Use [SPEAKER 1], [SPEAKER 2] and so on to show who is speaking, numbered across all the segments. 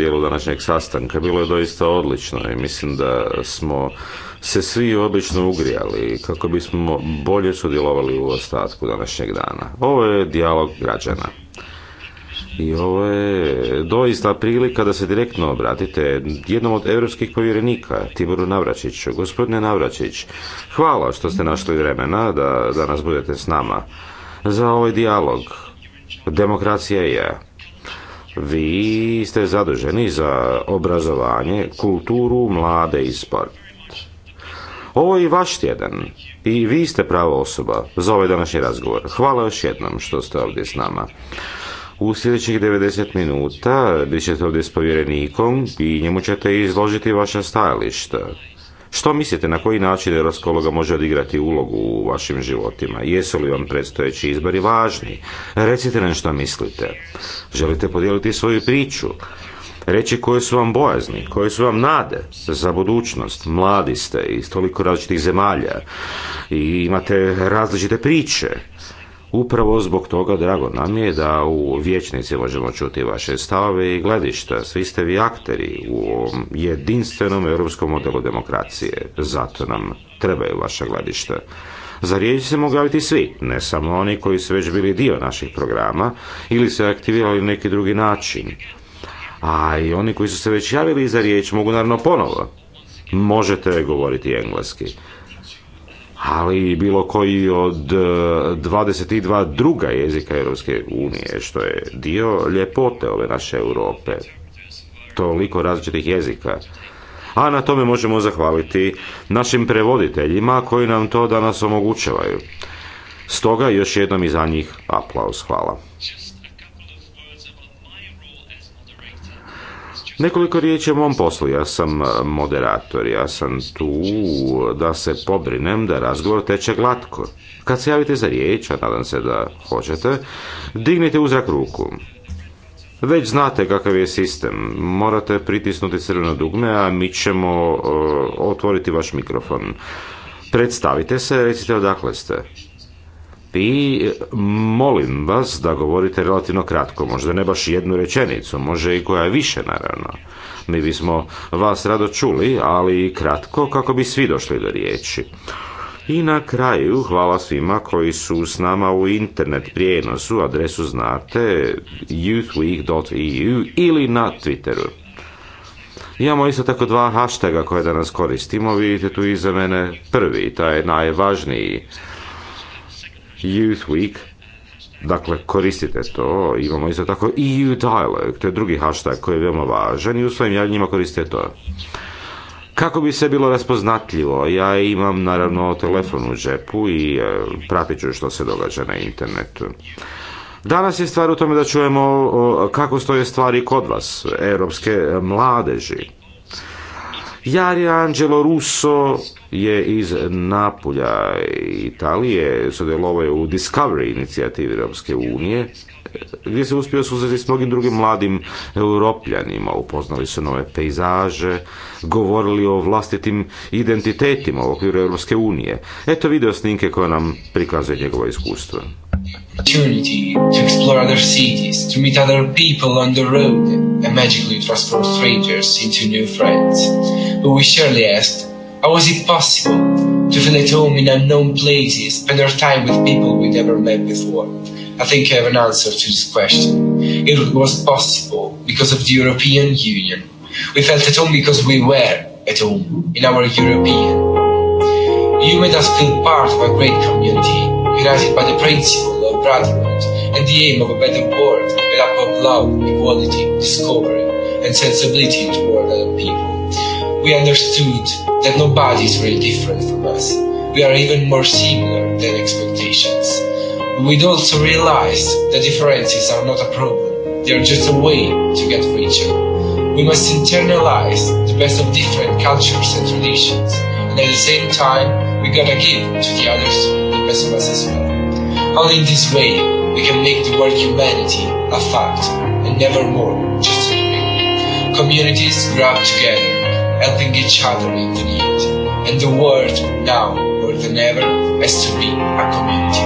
[SPEAKER 1] dijelu današnjeg sastanka. Bilo je doista odlično i mislim da smo se svi odlično ugrijali kako bismo bolje sudjelovali u ostatku današnjeg dana. Ovo je dijalog građana. I ovo je doista prilika da se direktno obratite jednom od europskih povjerenika, Tiboru Navračiću. Gospodine Navračić, hvala što ste našli vremena da danas budete s nama za ovaj dijalog. Demokracija je vi ste zaduženi za obrazovanje, kulturu, mlade i sport. Ovo je i vaš tjedan i vi ste prava osoba za ovaj današnji razgovor. Hvala još jednom što ste ovdje s nama. U sljedećih 90 minuta bit ćete ovdje s povjerenikom i njemu ćete izložiti vaša stajališta. Što mislite, na koji način euroskologa može odigrati ulogu u vašim životima? Jesu li vam predstojeći izbori važni? Recite nam što mislite. Želite podijeliti svoju priču? Reći koje su vam bojazni, koje su vam nade za budućnost. Mladi ste iz toliko različitih zemalja i imate različite priče. Upravo zbog toga drago nam je da u vječnici možemo čuti vaše stavove i gledišta. Svi ste vi akteri u jedinstvenom europskom modelu demokracije. Zato nam trebaju vaša gledišta. Za riječ se mogu javiti svi, ne samo oni koji su već bili dio naših programa ili se aktivirali na neki drugi način. A i oni koji su se već javili za riječ mogu naravno ponovo. Možete govoriti engleski ali i bilo koji od 22 e, druga jezika Europske unije, što je dio ljepote ove naše Europe. Toliko različitih jezika. A na tome možemo zahvaliti našim prevoditeljima koji nam to danas omogućavaju. Stoga još jednom i za njih aplauz. Hvala. Nekoliko riječi o mom poslu. Ja sam e, moderator, ja sam tu da se pobrinem da razgovor teče glatko. Kad se javite za riječ, a nadam se da hoćete, dignite uzrak ruku. Već znate kakav je sistem. Morate pritisnuti crveno dugme, a mi ćemo e, otvoriti vaš mikrofon. Predstavite se, recite odakle ste i e, molim vas da govorite relativno kratko, možda ne baš jednu rečenicu, može i koja je više naravno. Mi bismo vas rado čuli, ali kratko kako bi svi došli do riječi. I na kraju hvala svima koji su s nama u internet prijenosu, adresu znate youthweek.eu ili na Twitteru. Imamo isto tako dva haštega koje danas koristimo, vidite tu iza mene prvi, taj najvažniji Youth Week, Dakle, koristite to. Imamo isto tako EU Dialog, to je drugi hashtag koji je veoma važan i u svojim javljenjima koristite to. Kako bi se bilo raspoznatljivo? Ja imam naravno telefon u džepu i e, pratit ću što se događa na internetu. Danas je stvar u tome da čujemo kako stoje stvari kod vas, europske mladeži. Jari Angelo Russo je iz Napulja Italije, sudjelovao je u Discovery inicijativi Europske unije, gdje se uspio suzeti s mnogim drugim mladim europljanima, upoznali su nove pejzaže, govorili o vlastitim identitetima u okviru Europske unije. Eto video snimke koje nam prikazuje njegovo iskustvo
[SPEAKER 2] opportunity to explore other cities, to meet other people on the road, and magically transform strangers into new friends. But we surely asked, how was it possible to feel at home in unknown places, spend our time with people we never met before? I think I have an answer to this question. It was possible because of the European Union. We felt at home because we were at home in our European. You made us feel part of a great community guided by the principle of brotherhood and the aim of a better world made up of love, equality, discovery, and sensibility toward other people. We understood that nobody is really different from us. We are even more similar than expectations. We'd also realize that differences are not a problem. They are just a way to get each other. We must internalize the best of different cultures and traditions, and at the same time, we gotta give to the others as well. Only this way we can make the word humanity a fact and never more just a dream. Communities grow up together, helping each other in the need. And the world now more than ever has to be a community.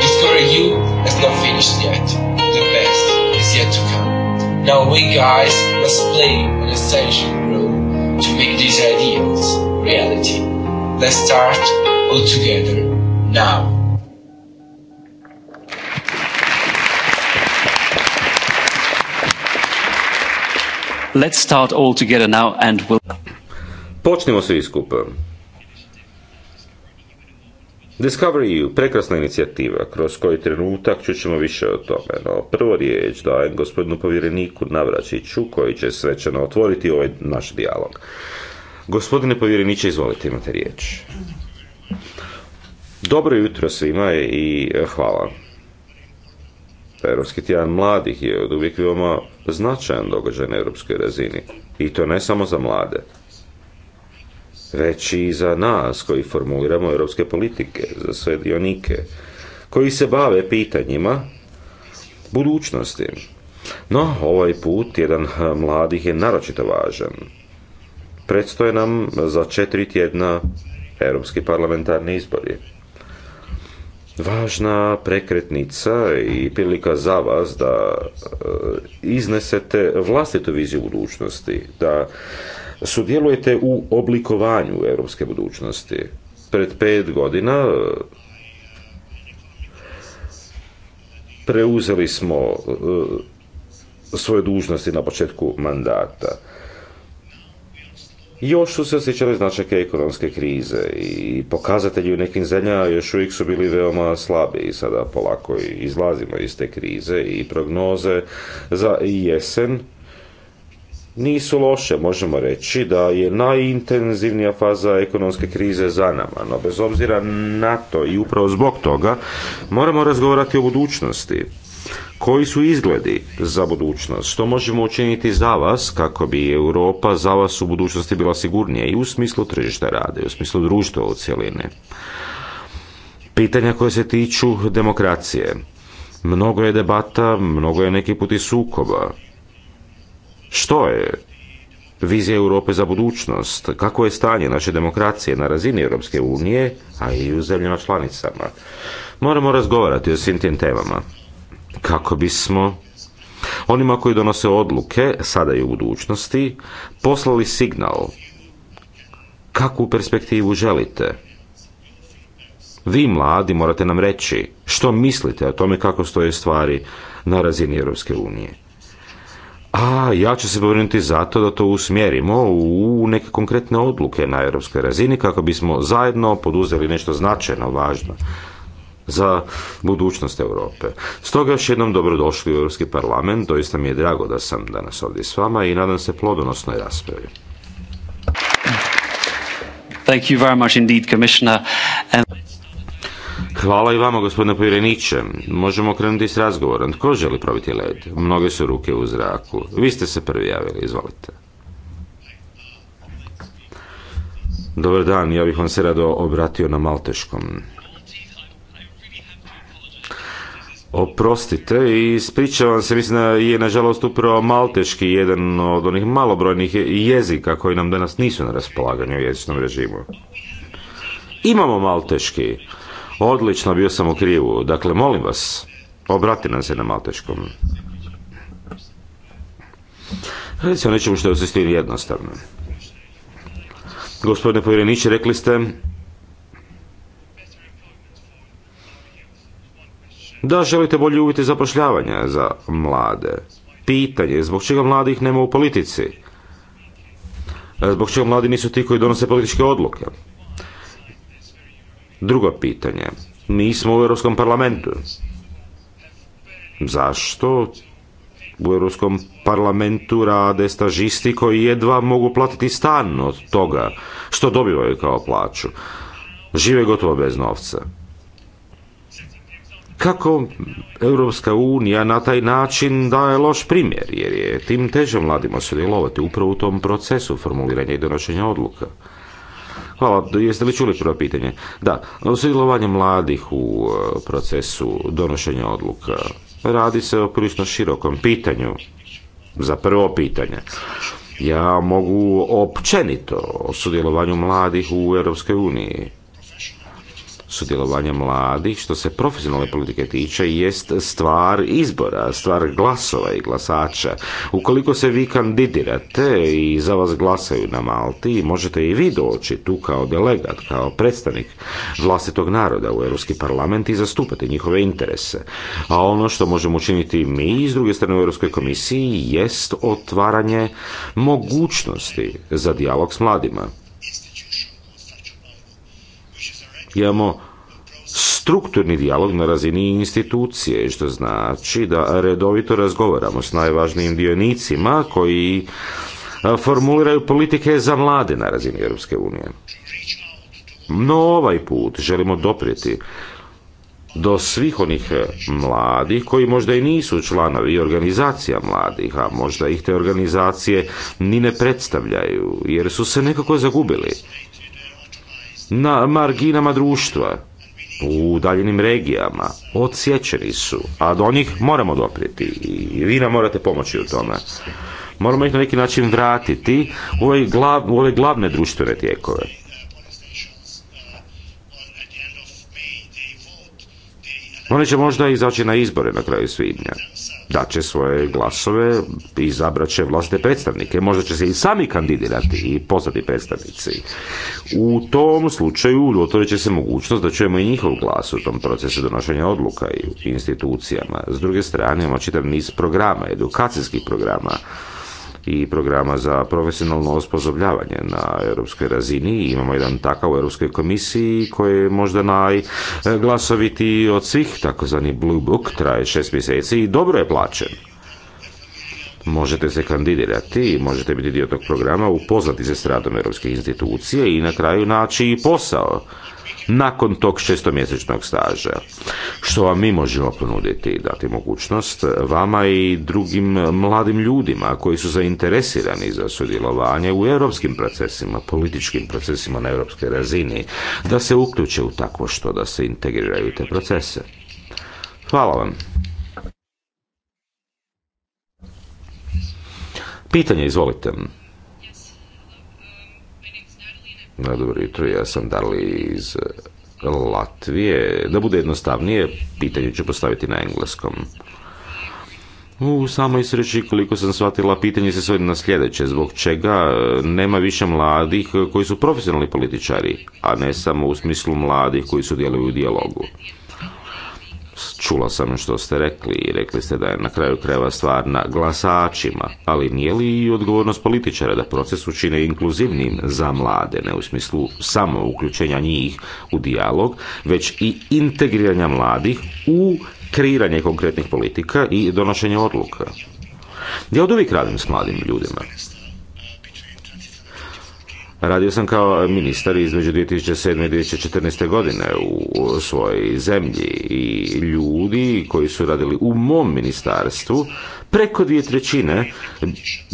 [SPEAKER 2] Discover you has not finished yet. The best is yet to come. Now we guys must play an essential role to make these ideals reality. Let's start all together now.
[SPEAKER 1] Let's start all together now and we'll... Počnimo svi skupa. Discovery EU, prekrasna inicijativa, kroz koji trenutak čućemo više o tome, no prvo riječ dajem gospodinu povjereniku Navračiću, koji će svečano otvoriti ovaj naš dijalog. Gospodine povjereniče, izvolite, imate riječ. Dobro jutro svima i e, hvala. Pa europski tjedan mladih je od uvijek veoma značajan događaj na europskoj razini. I to ne samo za mlade, već i za nas koji formuliramo europske politike, za sve dionike, koji se bave pitanjima budućnosti. No, ovaj put, jedan e, mladih je naročito važan. Predstoje nam za četiri tjedna europski parlamentarni izbori važna prekretnica i prilika za vas da e, iznesete vlastitu viziju budućnosti, da sudjelujete u oblikovanju europske budućnosti. Pred pet godina e, preuzeli smo e, svoje dužnosti na početku mandata još su se osjećali značajke ekonomske krize i pokazatelji u nekim zemljama još uvijek su bili veoma slabi i sada polako izlazimo iz te krize i prognoze za jesen nisu loše, možemo reći da je najintenzivnija faza ekonomske krize za nama, no bez obzira na to i upravo zbog toga moramo razgovarati o budućnosti. Koji su izgledi za budućnost? Što možemo učiniti za vas kako bi Europa za vas u budućnosti bila sigurnija i u smislu tržišta rada i u smislu društva u cjelini? Pitanja koje se tiču demokracije. Mnogo je debata, mnogo je neki put i sukoba. Što je vizija Europe za budućnost? Kako je stanje naše demokracije na razini Europske unije, a i u zemljama članicama? Moramo razgovarati o svim tim temama kako bismo onima koji donose odluke, sada i u budućnosti, poslali signal kakvu perspektivu želite. Vi mladi morate nam reći što mislite o tome kako stoje stvari na razini Europske unije. A ja ću se povrnuti zato da to usmjerimo u neke konkretne odluke na europskoj razini kako bismo zajedno poduzeli nešto značajno važno za budućnost Europe. Stoga još jednom dobrodošli u Europski parlament, doista mi je drago da sam danas ovdje s vama i nadam se plodonosnoj raspravi.
[SPEAKER 2] Thank you very much indeed,
[SPEAKER 1] Hvala i vama, gospodine povjereniče. Možemo krenuti s razgovorom. Tko želi probiti led? Mnoge su ruke u zraku. Vi ste se prvi javili, izvolite. Dobar dan, ja bih vam se rado obratio na malteškom. Oprostite i ispričavam se, mislim da je nažalost upravo malteški jedan od onih malobrojnih jezika koji nam danas nisu na raspolaganju u jezičnom režimu. Imamo malteški. Odlično, bio sam u krivu. Dakle, molim vas, obrati nam se na malteškom. Radi se o nečemu što je u jednostavno. Gospodine povjereniče, rekli ste da želite bolje uvjeti zapošljavanja za mlade. Pitanje je zbog čega mladih nema u politici? E, zbog čega mladi nisu ti koji donose političke odluke? Drugo pitanje. Mi smo u Europskom parlamentu. Zašto u Europskom parlamentu rade stažisti koji jedva mogu platiti stan od toga što dobivaju kao plaću? Žive gotovo bez novca kako Europska unija na taj način daje loš primjer, jer je tim teže mladima sudjelovati upravo u tom procesu formuliranja i donošenja odluka. Hvala, jeste li čuli prvo pitanje? Da, sudjelovanje mladih u e, procesu donošenja odluka. Radi se o prilično širokom pitanju. Za prvo pitanje. Ja mogu općenito o sudjelovanju mladih u Europskoj uniji sudjelovanje mladih, što se profesionalne politike tiče, jest stvar izbora, stvar glasova i glasača. Ukoliko se vi kandidirate i za vas glasaju na Malti, možete i vi doći tu kao delegat, kao predstavnik vlastitog naroda u Europski parlament i zastupati njihove interese. A ono što možemo učiniti mi iz druge strane u Europskoj komisiji jest otvaranje mogućnosti za dijalog s mladima. Imamo strukturni dijalog na razini institucije, što znači da redovito razgovaramo s najvažnijim dionicima koji formuliraju politike za mlade na razini Europske unije. No ovaj put želimo doprijeti do svih onih mladih koji možda i nisu članovi organizacija mladih, a možda ih te organizacije ni ne predstavljaju, jer su se nekako zagubili na marginama društva, u daljenim regijama, odsjećeni su, a do njih moramo doprijeti i vi nam morate pomoći u tome. Moramo ih na neki način vratiti u ove, glav, u ove glavne društvene tijekove. Oni će možda izaći na izbore na kraju svibnja će svoje glasove, izabrat će vlastne predstavnike, možda će se i sami kandidirati i postati predstavnici. U tom slučaju otvorit će se mogućnost da čujemo i njihov glas u tom procesu donošenja odluka i institucijama. S druge strane imamo čitav niz programa, edukacijskih programa, i programa za profesionalno osposobljavanje na europskoj razini. Imamo jedan takav u Europskoj komisiji koji je možda najglasoviti od svih, takozvani Blue Book, traje šest mjeseci i dobro je plaćen. Možete se kandidirati možete biti dio tog programa, upoznati se s radom europske institucije i na kraju naći posao nakon tog šestomjesečnog staža. Što vam mi možemo ponuditi, i dati mogućnost vama i drugim mladim ljudima koji su zainteresirani za sudjelovanje u europskim procesima, političkim procesima na europskoj razini, da se uključe u takvo što, da se integriraju te procese. Hvala vam. Pitanje, izvolite na Dobro jutro, ja sam Darli iz eh, Latvije. Da bude jednostavnije, pitanje ću postaviti na engleskom. U samoj sreći koliko sam shvatila pitanje se svodi na sljedeće, zbog čega eh, nema više mladih koji su profesionalni političari, a ne samo u smislu mladih koji sudjeluju u dijalogu. Čula sam što ste rekli i rekli ste da je na kraju krajeva stvar na glasačima, ali nije li i odgovornost političara da proces učine inkluzivnim za mlade, ne u smislu samo uključenja njih u dijalog, već i integriranja mladih u kreiranje konkretnih politika i donošenje odluka. Ja od uvijek radim s mladim ljudima. Radio sam kao ministar između 2007. i 2014. godine u svojoj zemlji i ljudi koji su radili u mom ministarstvu preko dvije trećine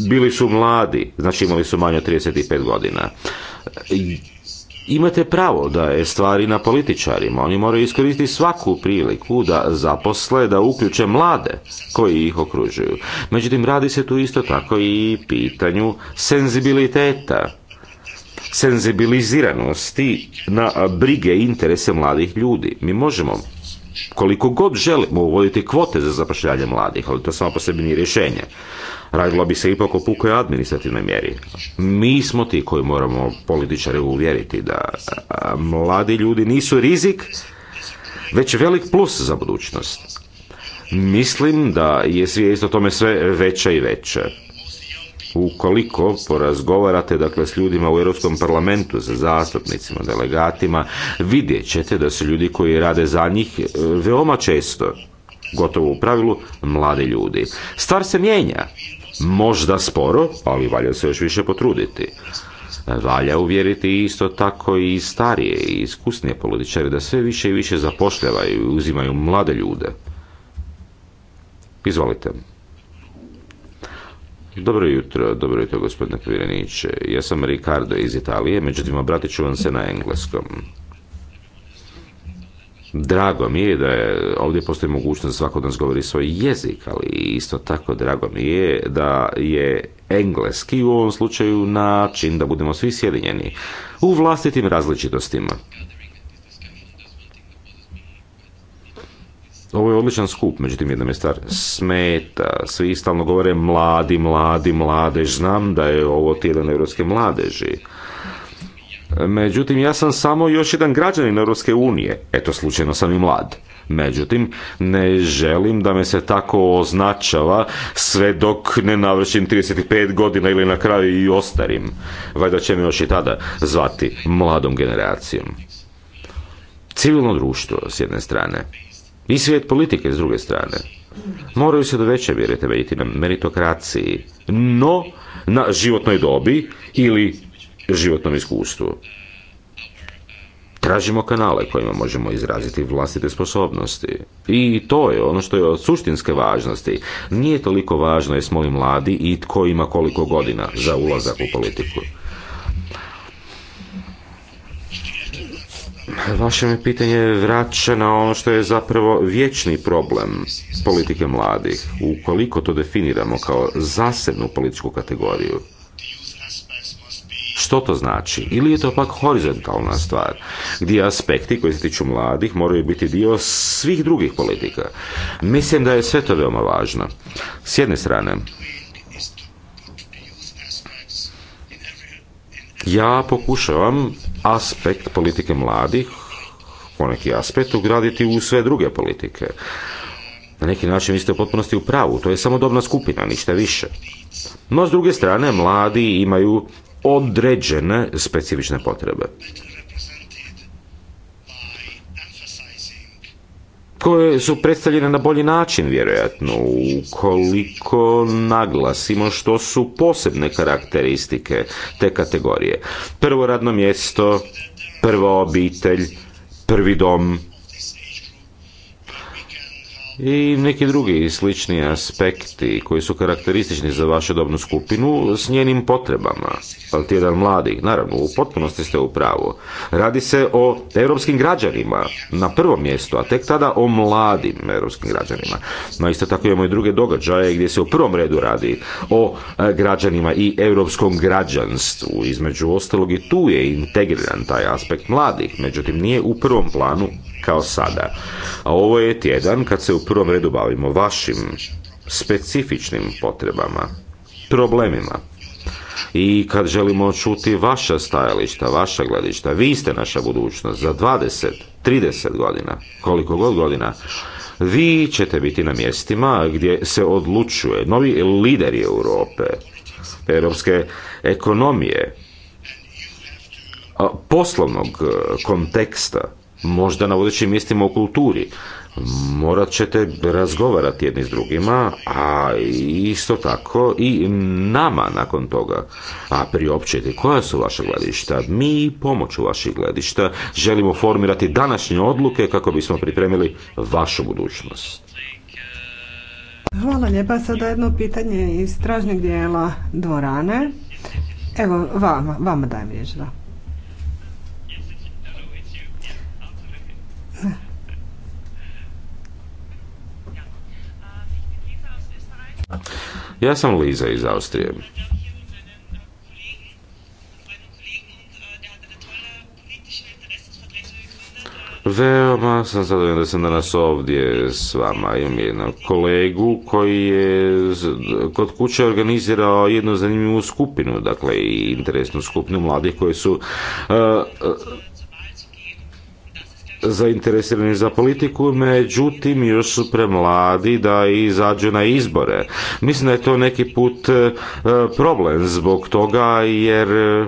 [SPEAKER 1] bili su mladi, znači imali su manje od 35 godina. Imate pravo da je stvari na političarima. Oni moraju iskoristiti svaku priliku da zaposle, da uključe mlade koji ih okružuju. Međutim, radi se tu isto tako i pitanju senzibiliteta senzibiliziranosti na brige i interese mladih ljudi. Mi možemo koliko god želimo uvoditi kvote za zapošljavanje mladih, ali to samo po sebi nije rješenje. Radilo bi se ipak o pukoj administrativnoj mjeri. Mi smo ti koji moramo političare uvjeriti da mladi ljudi nisu rizik, već velik plus za budućnost. Mislim da je svijest o tome sve veća i veća ukoliko porazgovarate dakle s ljudima u Europskom parlamentu, sa zastupnicima, delegatima, vidjet ćete da su ljudi koji rade za njih e, veoma često, gotovo u pravilu, mladi ljudi. Stvar se mijenja, možda sporo, ali valja se još više potruditi. Valja uvjeriti isto tako i starije i iskusnije političare da sve više i više zapošljavaju i uzimaju mlade ljude. Izvolite. Dobro jutro, dobro jutro gospodine Kvireniće. Ja sam Ricardo iz Italije, međutim obratit ću vam se na engleskom. Drago mi je da je, ovdje postoji mogućnost da svako od govori svoj jezik, ali isto tako drago mi je da je engleski u ovom slučaju način da budemo svi sjedinjeni u vlastitim različitostima. Ovo je odličan skup, međutim jedna me stvar smeta. Svi stalno govore mladi, mladi, mladež. Znam da je ovo tjedan europske mladeži. Međutim, ja sam samo još jedan građanin Europske unije. Eto, slučajno sam i mlad. Međutim, ne želim da me se tako označava sve dok ne navršim 35 godina ili na kraju i ostarim. Valjda će me još i tada zvati mladom generacijom. Civilno društvo, s jedne strane i svijet politike s druge strane. Moraju se do veće mjere temeljiti na meritokraciji, no na životnoj dobi ili životnom iskustvu. Tražimo kanale kojima možemo izraziti vlastite sposobnosti. I to je ono što je od suštinske važnosti. Nije toliko važno jesmo li mladi i tko ima koliko godina za ulazak u politiku. Vaše mi pitanje vraća na ono što je zapravo vječni problem politike mladih. Ukoliko to definiramo kao zasebnu političku kategoriju, što to znači? Ili je to pak horizontalna stvar, gdje aspekti koji se tiču mladih moraju biti dio svih drugih politika? Mislim da je sve to veoma važno. S jedne strane, Ja pokušavam aspekt politike mladih, poneki aspekt, ugraditi u sve druge politike. Na neki način vi ste u potpunosti u pravu, to je samo dobna skupina, ništa više. No, s druge strane, mladi imaju određene specifične potrebe. koje su predstavljene na bolji način, vjerojatno, ukoliko naglasimo što su posebne karakteristike te kategorije. Prvo radno mjesto, prva obitelj, prvi dom, i neki drugi slični aspekti koji su karakteristični za vašu dobnu skupinu s njenim potrebama. Ali pa tjedan mladih. naravno, u potpunosti ste u pravu. Radi se o europskim građanima na prvom mjestu, a tek tada o mladim europskim građanima. No isto tako imamo i druge događaje gdje se u prvom redu radi o e, građanima i europskom građanstvu. Između ostalog i tu je integriran taj aspekt mladih, međutim nije u prvom planu kao sada. A ovo je tjedan kad se u prvom redu bavimo vašim specifičnim potrebama, problemima, i kad želimo čuti vaša stajališta, vaša gledišta, vi ste naša budućnost za 20, 30 godina, koliko god godina, vi ćete biti na mjestima gdje se odlučuje novi lideri Europe, europske ekonomije, poslovnog e, konteksta možda na vodećim mjestima u kulturi. Morat ćete razgovarati jedni s drugima, a isto tako i nama nakon toga. A priopćiti koja su vaša gledišta. Mi pomoću vaših gledišta želimo formirati današnje odluke kako bismo pripremili vašu budućnost.
[SPEAKER 3] Hvala lijepa. Sada jedno pitanje iz stražnjeg dijela dvorane. Evo, vama, vama dajem riječ, da.
[SPEAKER 1] Ja sam Liza iz Austrije. Veoma sam zadovoljan da sam danas ovdje s vama. i jednog kolegu koji je kod kuće organizirao jednu zanimljivu skupinu, dakle i interesnu skupinu mladih koji su e, e, zainteresirani za politiku, međutim još su premladi da izađu na izbore. Mislim da je to neki put e, problem zbog toga jer e,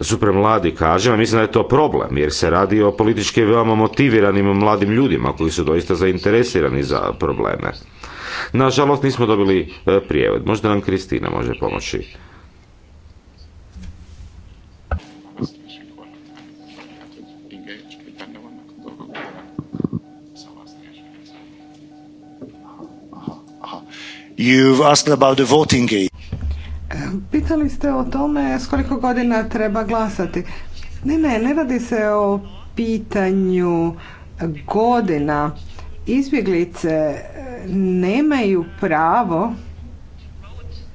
[SPEAKER 1] su premladi, kažem, a mislim da je to problem, jer se radi o politički veoma motiviranim mladim ljudima koji su doista zainteresirani za probleme. Nažalost, nismo dobili e, prijevod. Možda nam Kristina može pomoći. You've e,
[SPEAKER 3] Pitali ste o tome s koliko godina treba glasati. Ne, ne, ne radi se o pitanju godina. Izbjeglice e, nemaju pravo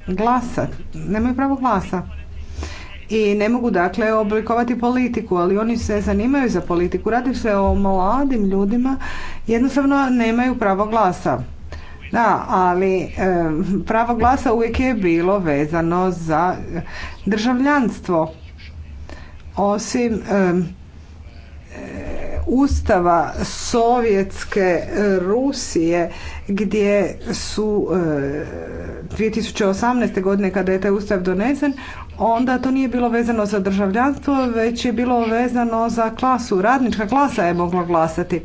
[SPEAKER 3] glasa, nemaju pravo glasa. I ne mogu dakle oblikovati politiku, ali oni se zanimaju za politiku. Radi se o mladim ljudima, jednostavno nemaju pravo glasa. Da, ali pravo glasa uvijek je bilo vezano za državljanstvo. Osim ustava sovjetske Rusije gdje su 2018. Eh, godine kada je taj ustav donesen onda to nije bilo vezano za državljanstvo već je bilo vezano za klasu radnička klasa je mogla glasati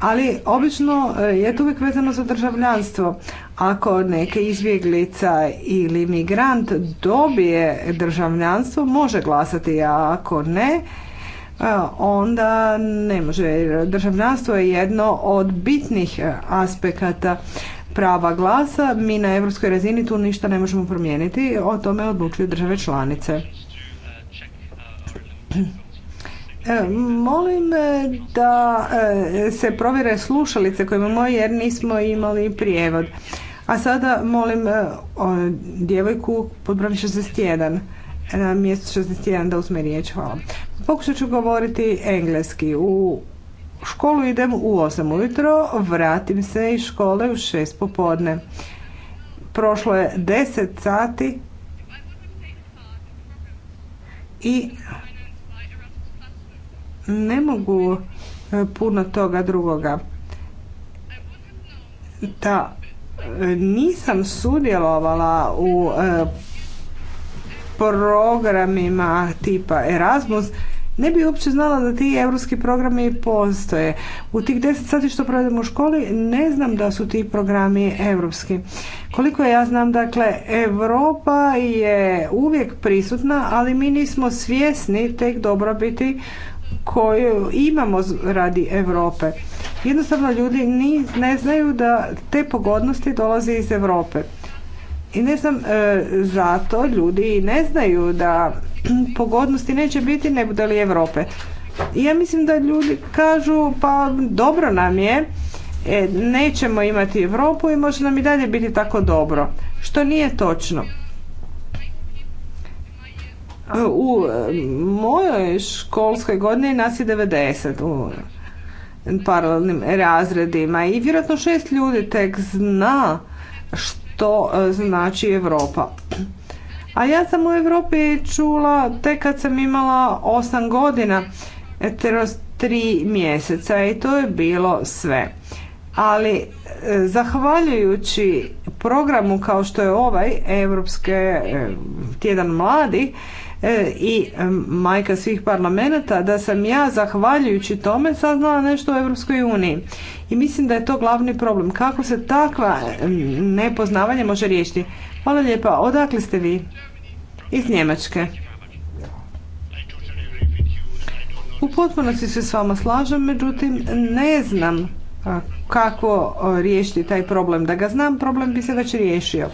[SPEAKER 3] ali obično e, je to uvijek vezano za državljanstvo. Ako neke izbjeglica ili migrant dobije državljanstvo, može glasati, a ako ne, e, onda ne može. Državljanstvo je jedno od bitnih e, aspekata prava glasa. Mi na europskoj razini tu ništa ne možemo promijeniti. O tome odlučuju države članice. E, molim e, da e, se provjere slušalice koje imamo jer nismo imali prijevod. A sada molim djevojku pod 61 na mjestu 61 da uzme riječ. Hvala. Pokušat ću govoriti engleski. U školu idem u 8 ujutro, vratim se iz škole u 6 popodne. Prošlo je 10 sati i ne mogu e, puno toga drugoga. Da e, nisam sudjelovala u e, programima tipa Erasmus, ne bi uopće znala da ti europski programi postoje. U tih deset sati što provedemo u školi ne znam da su ti programi europski. Koliko ja znam, dakle, Europa je uvijek prisutna, ali mi nismo svjesni tek dobrobiti koju imamo radi Europe. Jednostavno ljudi ne znaju da te pogodnosti dolaze iz Europe. I ne znam, e, zato ljudi ne znaju da pogodnosti neće biti ne bude li Europe. Ja mislim da ljudi kažu pa dobro nam je, e, nećemo imati Europu i može nam i dalje biti tako dobro. Što nije točno. U mojoj školskoj godini nas je 90 u paralelnim razredima i vjerojatno šest ljudi tek zna što e, znači Europa. A ja sam u Europi čula tek kad sam imala osam godina, e, kroz tri mjeseca i to je bilo sve. Ali e, zahvaljujući programu kao što je ovaj Europske tjedan mladih E, i majka svih parlamenta da sam ja zahvaljujući tome saznala nešto o Europskoj uniji. I mislim da je to glavni problem. Kako se takva nepoznavanje može riješiti? Hvala lijepa. Odakle ste vi? Iz Njemačke. U potpunosti se s vama slažem, međutim ne znam kako riješiti taj problem. Da ga znam, problem bi se već riješio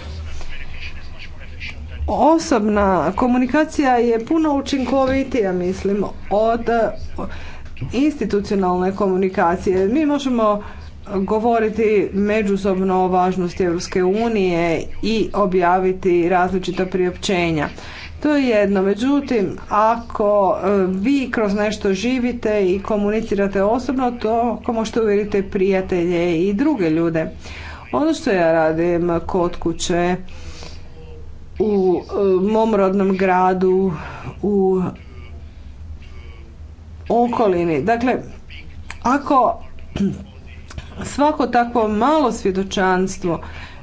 [SPEAKER 3] osobna komunikacija je puno učinkovitija mislim od e, institucionalne komunikacije. Mi možemo govoriti međusobno o važnosti Europske unije i objaviti različita priopćenja. To je jedno. Međutim, ako e, vi kroz nešto živite i komunicirate osobno, to ako možete uvjeriti prijatelje i druge ljude. Ono što ja radim kod kuće, u e, mom rodnom gradu, u okolini. Dakle, ako svako takvo malo svjedočanstvo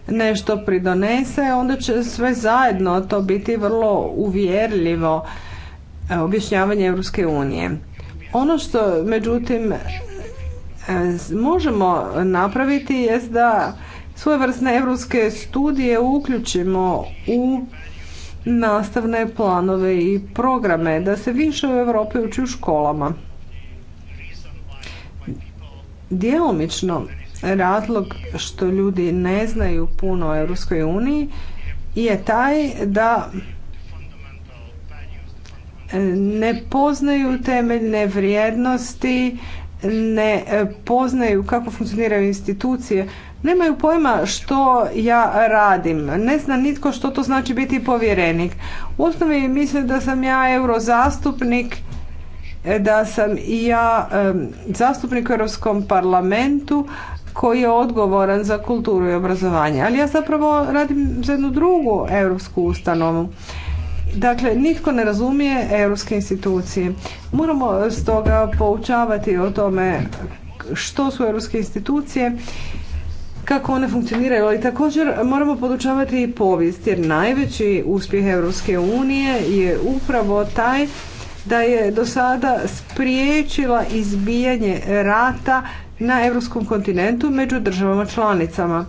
[SPEAKER 3] nešto pridonese, onda će sve zajedno to biti vrlo uvjerljivo e, objašnjavanje Europske unije. Ono što međutim e, možemo napraviti jest da svojevrsne europske studije uključimo u nastavne planove i programe, da se više u Europi uči u školama. Djelomično razlog što ljudi ne znaju puno o Europskoj uniji je taj da ne poznaju temeljne vrijednosti, ne poznaju kako funkcioniraju institucije, Nemaju pojma što ja radim. Ne zna nitko što to znači biti povjerenik. U osnovi misle da sam ja eurozastupnik, e, da sam i ja zastupnik u Europskom parlamentu koji je odgovoran za kulturu i obrazovanje. Ali ja zapravo radim za jednu drugu europsku ustanovu. Dakle, nitko ne razumije europske institucije. Moramo stoga poučavati o tome što su europske institucije kako one funkcioniraju, ali također moramo podučavati i povijest, jer najveći uspjeh Europske unije je upravo taj da je do sada spriječila izbijanje rata na europskom kontinentu među državama članicama.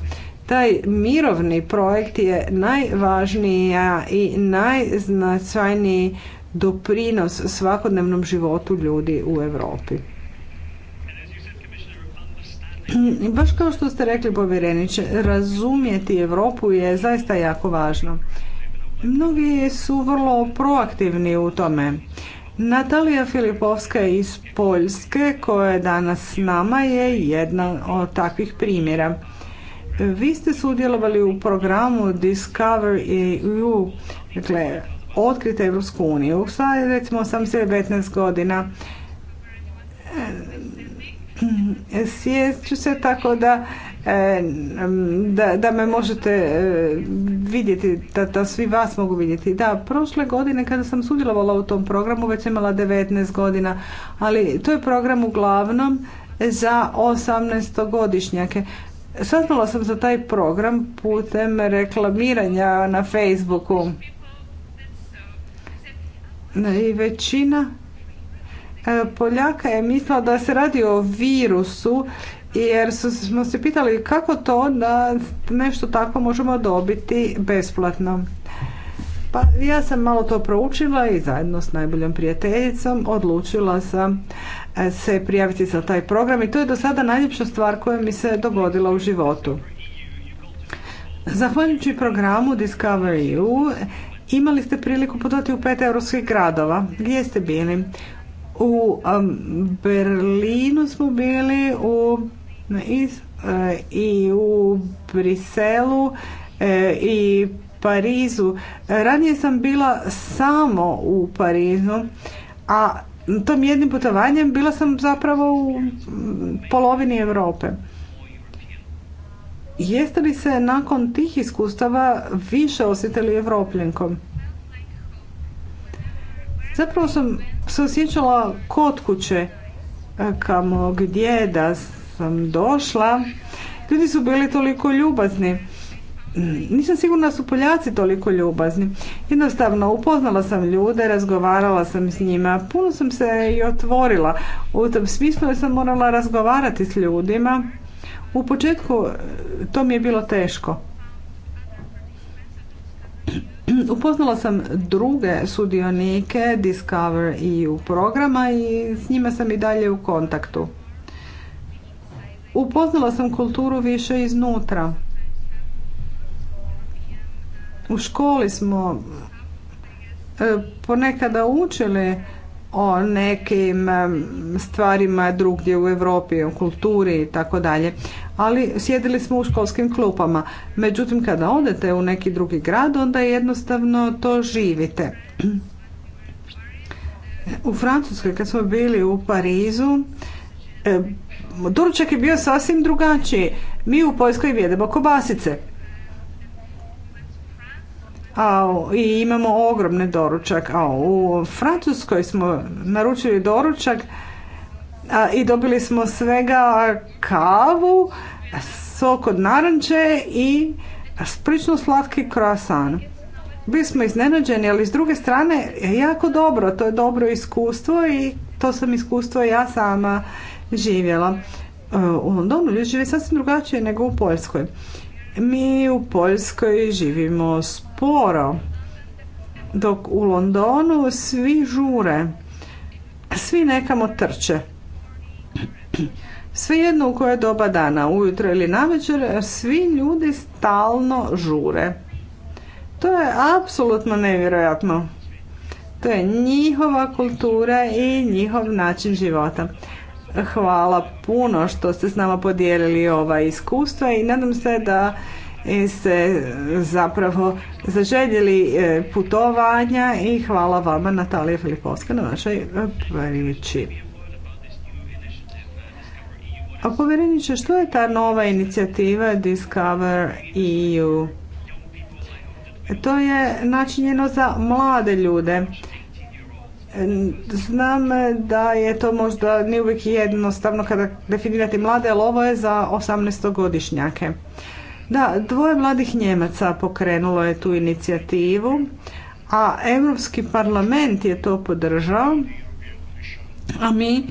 [SPEAKER 3] Taj mirovni projekt je najvažnija i najznačajniji doprinos svakodnevnom životu ljudi u Europi. Mm, baš kao što ste rekli, povjereniče, razumjeti Europu je zaista jako važno. Mnogi su vrlo proaktivni u tome. Natalija Filipovska iz Poljske, koja je danas s nama, je jedna od takvih primjera. Vi ste sudjelovali u programu Discover EU, dakle, otkrite Evropsku uniju. Sad, recimo, sam se 19 godina Mm, sjeću se tako da, e, da, da me možete e, vidjeti, da, da svi vas mogu vidjeti. Da, prošle godine kada sam sudjelovala u tom programu već imala 19 godina, ali to je program uglavnom za 18-godišnjake. Saznala sam za taj program putem reklamiranja na Facebooku. I većina E, Poljaka je mislila da se radi o virusu jer smo se pitali kako to da nešto tako možemo dobiti besplatno. Pa ja sam malo to proučila i zajedno s najboljom prijateljicom odlučila sam e, se prijaviti za taj program i to je do sada najljepša stvar koja mi se dogodila u životu. Zahvaljujući programu Discovery EU imali ste priliku putovati u pet europskih gradova. Gdje ste bili? U Berlinu smo bili u, e, i u Briselu e, i Parizu. Ranije sam bila samo u Parizu, a tom jednim putovanjem bila sam zapravo u polovini Europe. Jeste li se nakon tih iskustava više osjetili evropljenkom? Zapravo sam se osjećala kod kuće e, kamo gdje da sam došla. Ljudi su bili toliko ljubazni. Mm, nisam sigurna su Poljaci toliko ljubazni. Jednostavno, upoznala sam ljude, razgovarala sam s njima, puno sam se i otvorila. U tom smislu sam morala razgovarati s ljudima. U početku e, to mi je bilo teško. Upoznala sam druge sudionike Discover EU programa i s njima sam i dalje u kontaktu. Upoznala sam kulturu više iznutra. U školi smo e, ponekada učili o nekim stvarima drugdje u Europi, o kulturi i tako dalje. Ali sjedili smo u školskim klupama. Međutim, kada odete u neki drugi grad, onda jednostavno to živite. U Francuskoj, kad smo bili u Parizu, doručak je bio sasvim drugačiji. Mi u Poljskoj jedemo kobasice a, i imamo ogromne doručak. A u Francuskoj smo naručili doručak a, i dobili smo svega kavu, sok od naranče i sprično slatki croissant. Bili smo iznenađeni, ali s druge strane jako dobro, to je dobro iskustvo i to sam iskustvo ja sama živjela. U Londonu ljudi sasvim drugačije nego u Poljskoj. Mi u Poljskoj živimo s sporo, dok u Londonu svi žure, svi nekamo trče. Svejedno u koje doba dana, ujutro ili navečer, svi ljudi stalno žure. To je apsolutno nevjerojatno. To je njihova kultura i njihov način života. Hvala puno što ste s nama podijelili ova iskustva i nadam se da ste zapravo zaželjeli e, putovanja i hvala vama Natalija Filipovska na vašoj e, A povjereniče, što je ta nova inicijativa Discover EU? To je načinjeno za mlade ljude. Znam da je to možda ne uvijek jednostavno kada definirate mlade, ali ovo je za 18-godišnjake. Da, dvoje mladih Njemaca pokrenulo je tu inicijativu, a Europski parlament je to podržao, a mi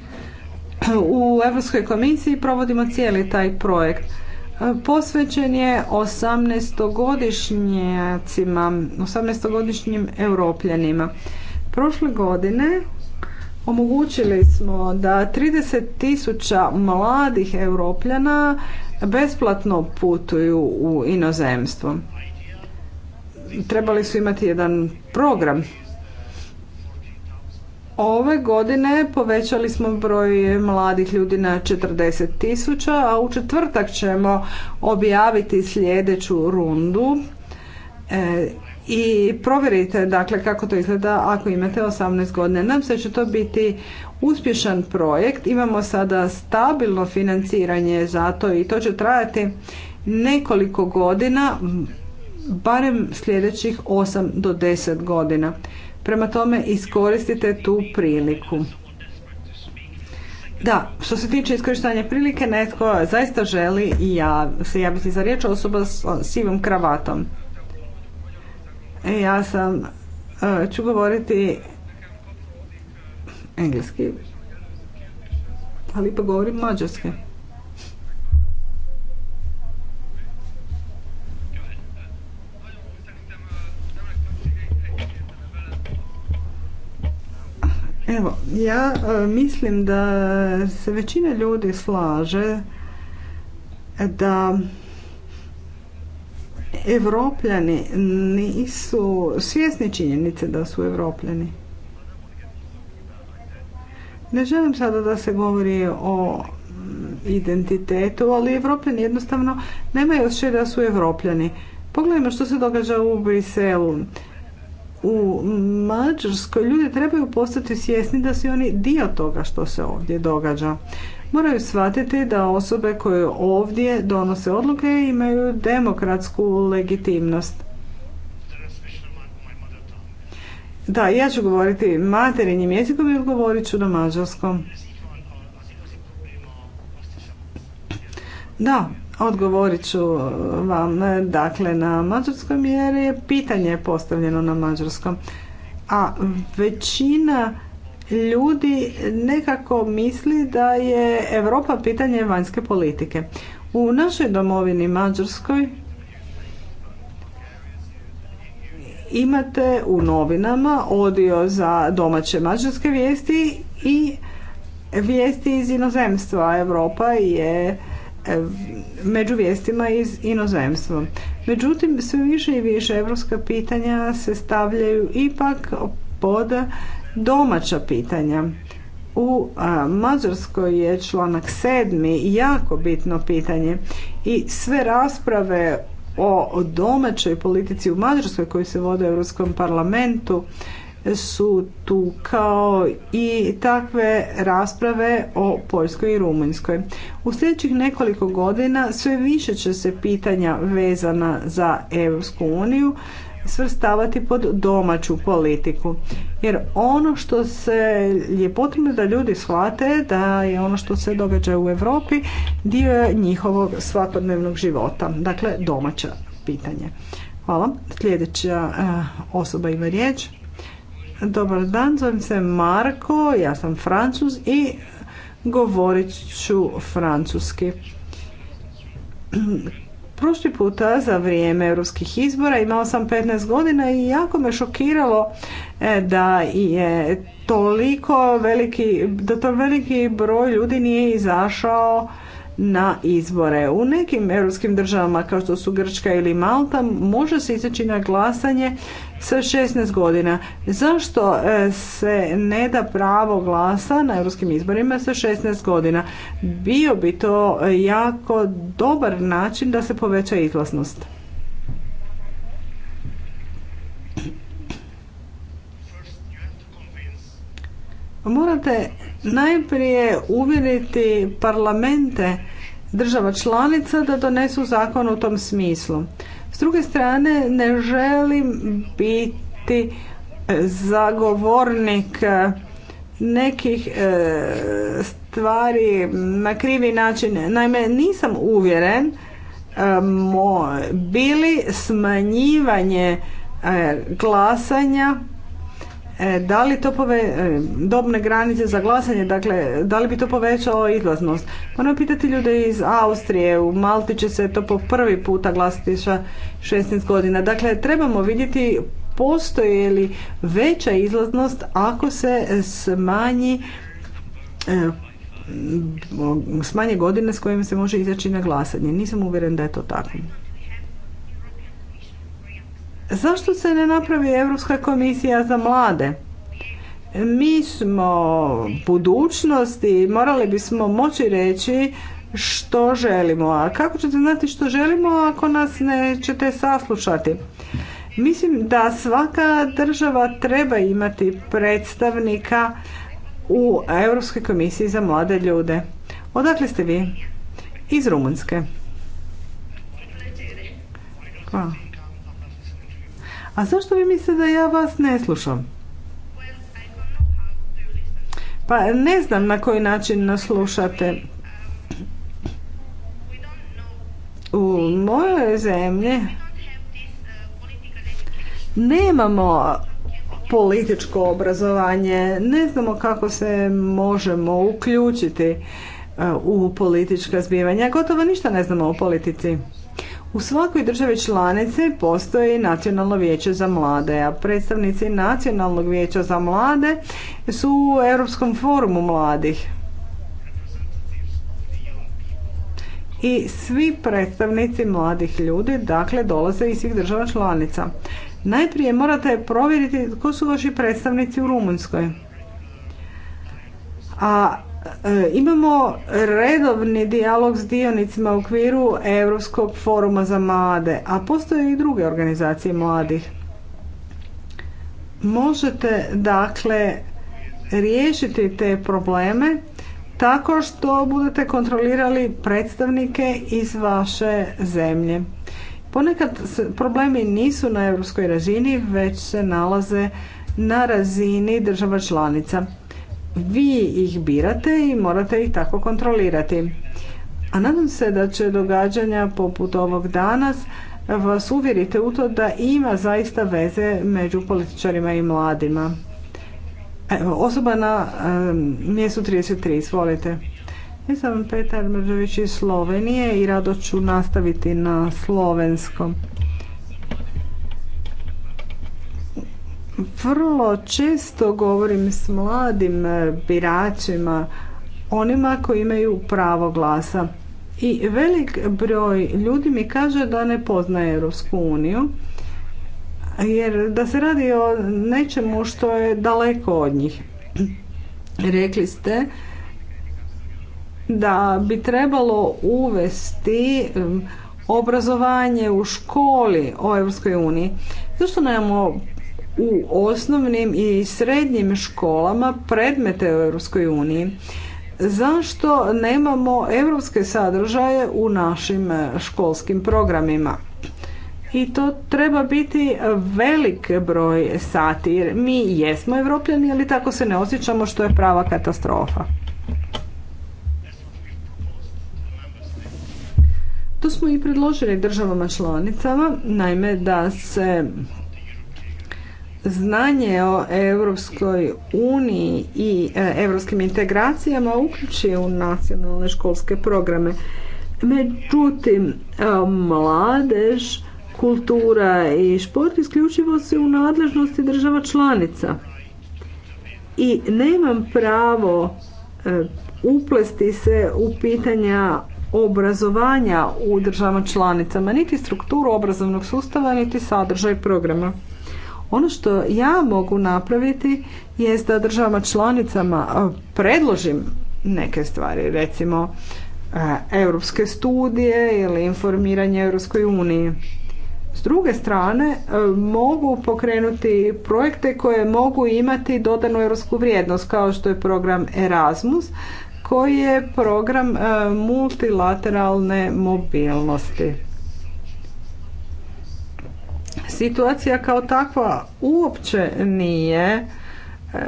[SPEAKER 3] u Europskoj komisiji provodimo cijeli taj projekt. Posvećen je 18-godišnjacima, 18-godišnjim europljanima. Prošle godine omogućili smo da 30 tisuća mladih europljana besplatno putuju u inozemstvo. Trebali su imati jedan program. Ove godine povećali smo broj mladih ljudi na 40 tisuća, a u četvrtak ćemo objaviti sljedeću rundu. E, i provjerite dakle kako to izgleda ako imate 18 godina. Nam se će to biti uspješan projekt. Imamo sada stabilno financiranje za to i to će trajati nekoliko godina, barem sljedećih 8 do 10 godina. Prema tome iskoristite tu priliku. Da, što se tiče iskorištavanja prilike, netko zaista želi i ja se javiti za riječ osoba s sivom kravatom. E, ja sam e, ću govoriti engleski, ali pa govorim mađarski. Evo, ja e, mislim da se većina ljudi slaže da evropljani nisu svjesni činjenice da su evropljani. Ne želim sada da se govori o identitetu, ali Evropljani jednostavno nemaju osjećaj da su Evropljani. Pogledajmo što se događa u Briselu. U Mađarskoj ljudi trebaju postati svjesni da su oni dio toga što se ovdje događa. Moraju shvatiti da osobe koje ovdje donose odluke imaju demokratsku legitimnost. Da, ja ću govoriti materinjim jezikom i odgovorit ću na mađarskom. Da, odgovorit ću uh, vam uh, dakle na mađarskom jer je pitanje postavljeno na mađarskom. A većina ljudi nekako misli da je Europa pitanje vanjske politike. U našoj domovini Mađarskoj imate u novinama odio za domaće mađarske vijesti i vijesti iz inozemstva. Europa je e, među vijestima iz inozemstva. Međutim, sve više i više evropska pitanja se stavljaju ipak pod domaća pitanja. U Mađarskoj je članak sedmi jako bitno pitanje i sve rasprave o domaćoj politici u Mađarskoj koji se vode u Europskom parlamentu su tu kao i takve rasprave o Poljskoj i Rumunjskoj. U sljedećih nekoliko godina sve više će se pitanja vezana za Europsku uniju svrstavati pod domaću politiku. Jer ono što se je potrebno da ljudi shvate da je ono što se događa u Europi dio njihovog svakodnevnog života. Dakle, domaća pitanje. Hvala. Sljedeća eh, osoba ima riječ. Dobar dan, zovem se Marko, ja sam Francuz i govorit ću francuski Prošli puta za vrijeme europskih izbora imao sam 15 godina i jako me šokiralo e, da je toliko veliki, da to veliki broj ljudi nije izašao na izbore. U nekim europskim državama kao što su Grčka ili Malta može se izaći na glasanje sa 16 godina. Zašto e, se ne da pravo glasa na europskim izborima sa 16 godina? Bio bi to jako dobar način da se poveća izlasnost. Morate najprije uvjeriti parlamente država članica da donesu zakon u tom smislu. S druge strane, ne želim biti e, zagovornik e, nekih e, stvari na krivi način. Naime, nisam uvjeren bili smanjivanje glasanja E, da li to pove, e, dobne granice za glasanje, dakle, da li bi to povećalo izlaznost? Moram pitati ljude iz Austrije, u Malti će se to po prvi puta glasati sa 16 godina. Dakle, trebamo vidjeti postoji li veća izlaznost ako se smanji e, smanje godine s kojim se može izaći na glasanje. Nisam uvjeren da je to tako. Zašto se ne napravi Europska komisija za mlade? Mi smo budućnosti, morali bismo moći reći što želimo. A kako ćete znati što želimo ako nas nećete saslušati? Mislim da svaka država treba imati predstavnika u Europskoj komisiji za mlade ljude. Odakle ste vi? Iz Rumunjske. Hvala. A zašto vi mislite da ja vas ne slušam? Pa ne znam na koji način nas slušate. U mojoj zemlji nemamo političko obrazovanje, ne znamo kako se možemo uključiti e, u politička zbivanja. Gotovo ništa ne znamo o politici. U svakoj državi članice postoji Nacionalno vijeće za mlade, a predstavnici Nacionalnog vijeća za mlade su u Europskom forumu mladih. I svi predstavnici mladih ljudi dakle dolaze iz svih država članica. Najprije morate provjeriti tko su vaši predstavnici u Rumunjskoj. A E, imamo redovni dijalog s dionicima u okviru Europskog foruma za mlade, a postoje i druge organizacije mladih. Možete dakle riješiti te probleme tako što budete kontrolirali predstavnike iz vaše zemlje. Ponekad problemi nisu na europskoj razini, već se nalaze na razini država članica vi ih birate i morate ih tako kontrolirati. A nadam se da će događanja poput ovog danas vas uvjerite u to da ima zaista veze među političarima i mladima. Evo, osoba na mjestu 33, izvolite. Ja sam Petar Mrđević iz Slovenije i rado ću nastaviti na slovenskom. vrlo često govorim s mladim e, biračima, onima koji imaju pravo glasa. I velik broj ljudi mi kaže da ne poznaje Europsku uniju, jer da se radi o nečemu što je daleko od njih. Rekli ste da bi trebalo uvesti obrazovanje u školi o Europskoj uniji. Zašto nemamo u osnovnim i srednjim školama predmete u Europskoj uniji. Zašto nemamo europske sadržaje u našim e, školskim programima? I to treba biti velik broj sati jer mi jesmo evropljani, ali tako se ne osjećamo što je prava katastrofa. To smo i predložili državama članicama, naime da se znanje o Europskoj uniji i europskim integracijama uključi u nacionalne školske programe. Međutim, e, mladež, kultura i šport isključivo su u nadležnosti država članica. I nemam pravo e, uplesti se u pitanja obrazovanja u državama članicama, niti strukturu obrazovnog sustava, niti sadržaj programa. Ono što ja mogu napraviti jest da državama članicama predložim neke stvari, recimo europske studije ili informiranje Europskoj uniji. S druge strane, mogu pokrenuti projekte koje mogu imati dodanu europsku vrijednost, kao što je program Erasmus, koji je program multilateralne mobilnosti situacija kao takva uopće nije e,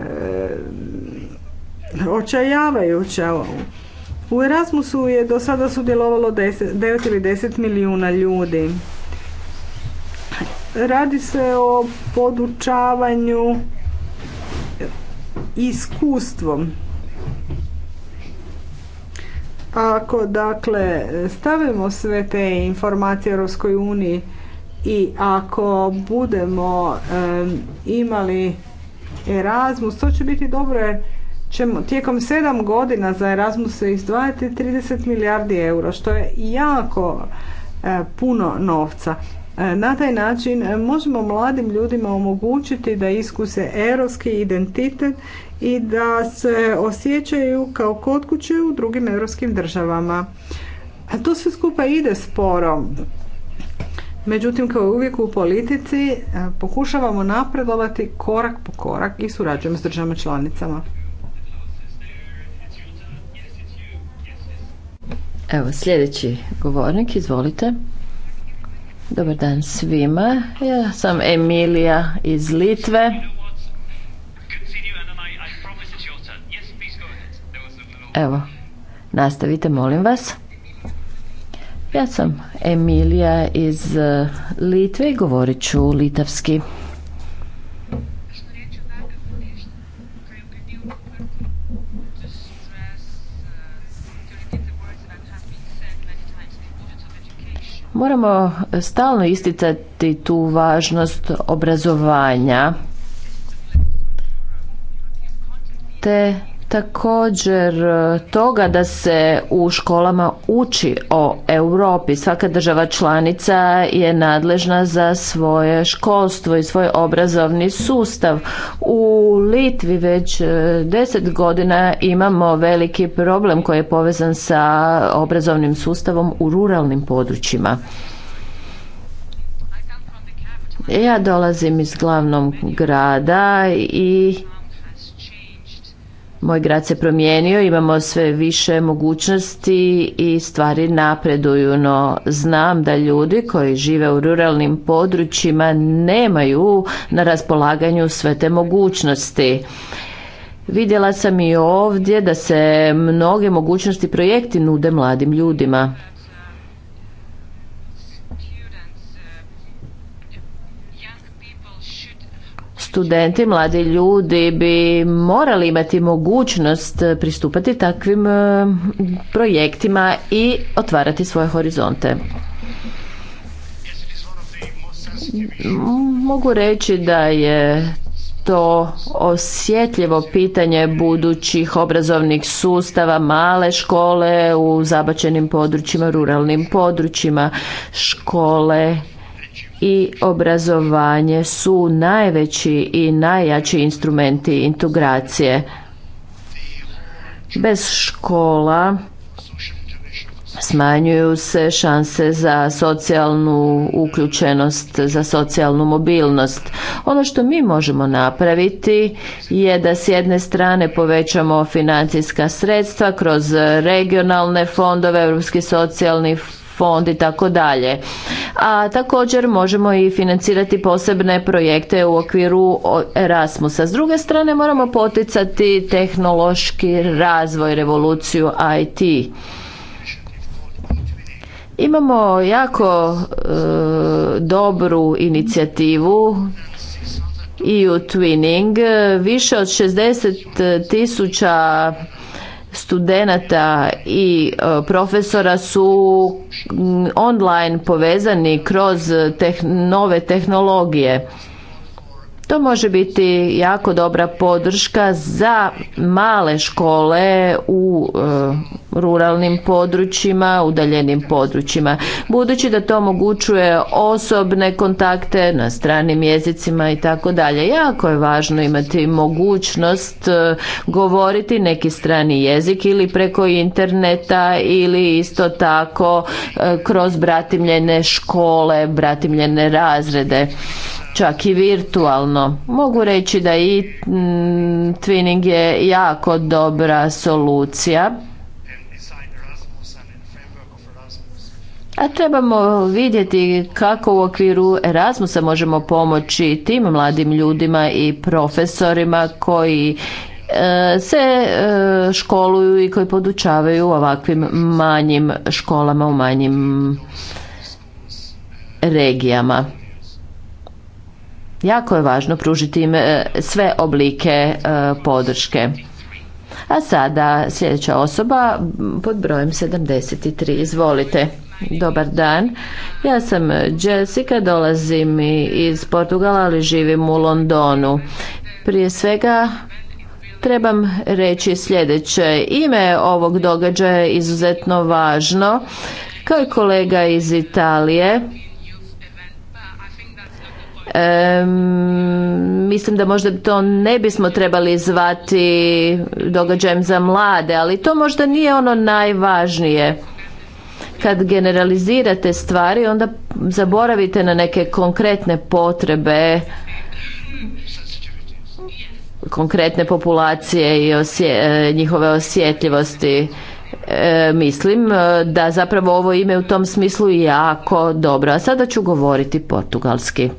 [SPEAKER 3] očajavajuća. U Erasmusu je do sada sudjelovalo 9 ili 10 milijuna ljudi. Radi se o podučavanju iskustvom. Ako dakle stavimo sve te informacije Europskoj uniji i ako budemo imali Erasmus, to će biti dobro jer ćemo tijekom sedam godina za Erasmus se izdvajati 30 milijardi eura, što je jako e, puno novca. E, na taj način e, možemo mladim ljudima omogućiti da iskuse europski identitet i da se osjećaju kao kod kuće u drugim europskim državama. A to sve skupa ide sporo. Međutim, kao uvijek u politici, e, pokušavamo napredovati korak po korak i surađujemo s državama članicama. Evo, sljedeći govornik,
[SPEAKER 4] izvolite. Dobar dan svima. Ja sam Emilija iz Litve. Evo, nastavite, molim vas. Ja sam Emilija iz e, Litve i govorit ću litavski. Moramo stalno isticati tu važnost obrazovanja te također e, toga da se u školama uči o Europi. Svaka država članica je nadležna za svoje školstvo i svoj obrazovni sustav. U Litvi već e, deset godina imamo veliki problem koji je povezan sa obrazovnim sustavom u ruralnim područjima. Ja dolazim iz glavnog grada i moj grad se promijenio, imamo sve više mogućnosti i stvari napreduju, no znam da ljudi koji žive u ruralnim područjima nemaju na raspolaganju sve te mogućnosti. Vidjela sam i ovdje da se mnoge mogućnosti projekti nude mladim ljudima. studenti, mladi ljudi bi morali imati mogućnost pristupati takvim e, projektima i otvarati svoje horizonte. Mogu reći da je to osjetljivo pitanje budućih obrazovnih sustava, male škole u zabačenim područjima, ruralnim područjima, škole i obrazovanje su najveći i najjači instrumenti integracije. Bez škola smanjuju se šanse za socijalnu uključenost, za socijalnu mobilnost. Ono što mi možemo napraviti je da s jedne strane povećamo financijska sredstva kroz regionalne fondove, Europski socijalni fond, fond i tako dalje. A također možemo i financirati posebne projekte u okviru Erasmusa. S druge strane moramo poticati tehnološki razvoj, revoluciju IT. Imamo jako e, dobru inicijativu i e u Twinning. Više od 60 tisuća studenata i e, profesora su mm, online povezani kroz nove tehnologije to može biti jako dobra podrška za male škole u e, ruralnim područjima, udaljenim područjima. Budući da to omogućuje osobne kontakte na stranim jezicima i tako dalje. Jako je važno imati mogućnost e, govoriti neki strani jezik ili preko interneta ili isto tako e, kroz bratimljene škole, bratimljene razrede čak i virtualno. Mogu reći da i mm, twinning je jako dobra solucija. A trebamo vidjeti kako u okviru Erasmusa možemo pomoći tim mladim ljudima i profesorima koji e, se e, školuju i koji podučavaju u ovakvim manjim školama u manjim regijama. Jako je važno pružiti im e, sve oblike e, podrške. A sada sljedeća osoba pod brojem 73. Izvolite. Dobar dan. Ja sam Jessica, dolazim iz Portugala, ali živim u Londonu. Prije svega trebam reći sljedeće. Ime ovog događaja je izuzetno važno. Kao i kolega iz Italije, mislim da možda to ne bismo trebali zvati događajem za mlade, ali to možda nije ono najvažnije kad generalizirate stvari onda zaboravite na neke konkretne potrebe konkretne populacije i e, njihove osjetljivosti e, mislim e, da zapravo ovo ime u tom smislu jako dobro a sada ću govoriti portugalski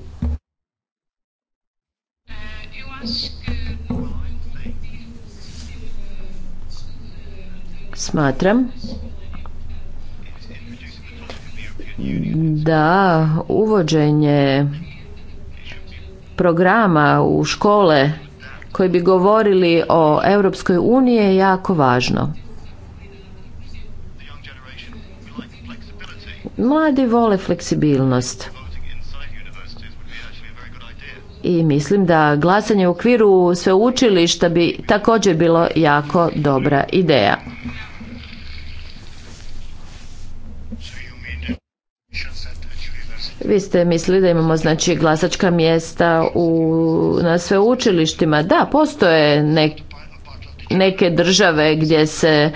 [SPEAKER 4] Smatram da uvođenje programa u škole koji bi govorili o Europskoj uniji je jako važno. Mladi vole fleksibilnost i mislim da glasanje u okviru sveučilišta bi također bilo jako dobra ideja. Vi ste mislili da imamo znači glasačka mjesta u, na sveučilištima. Da, postoje neke države gdje se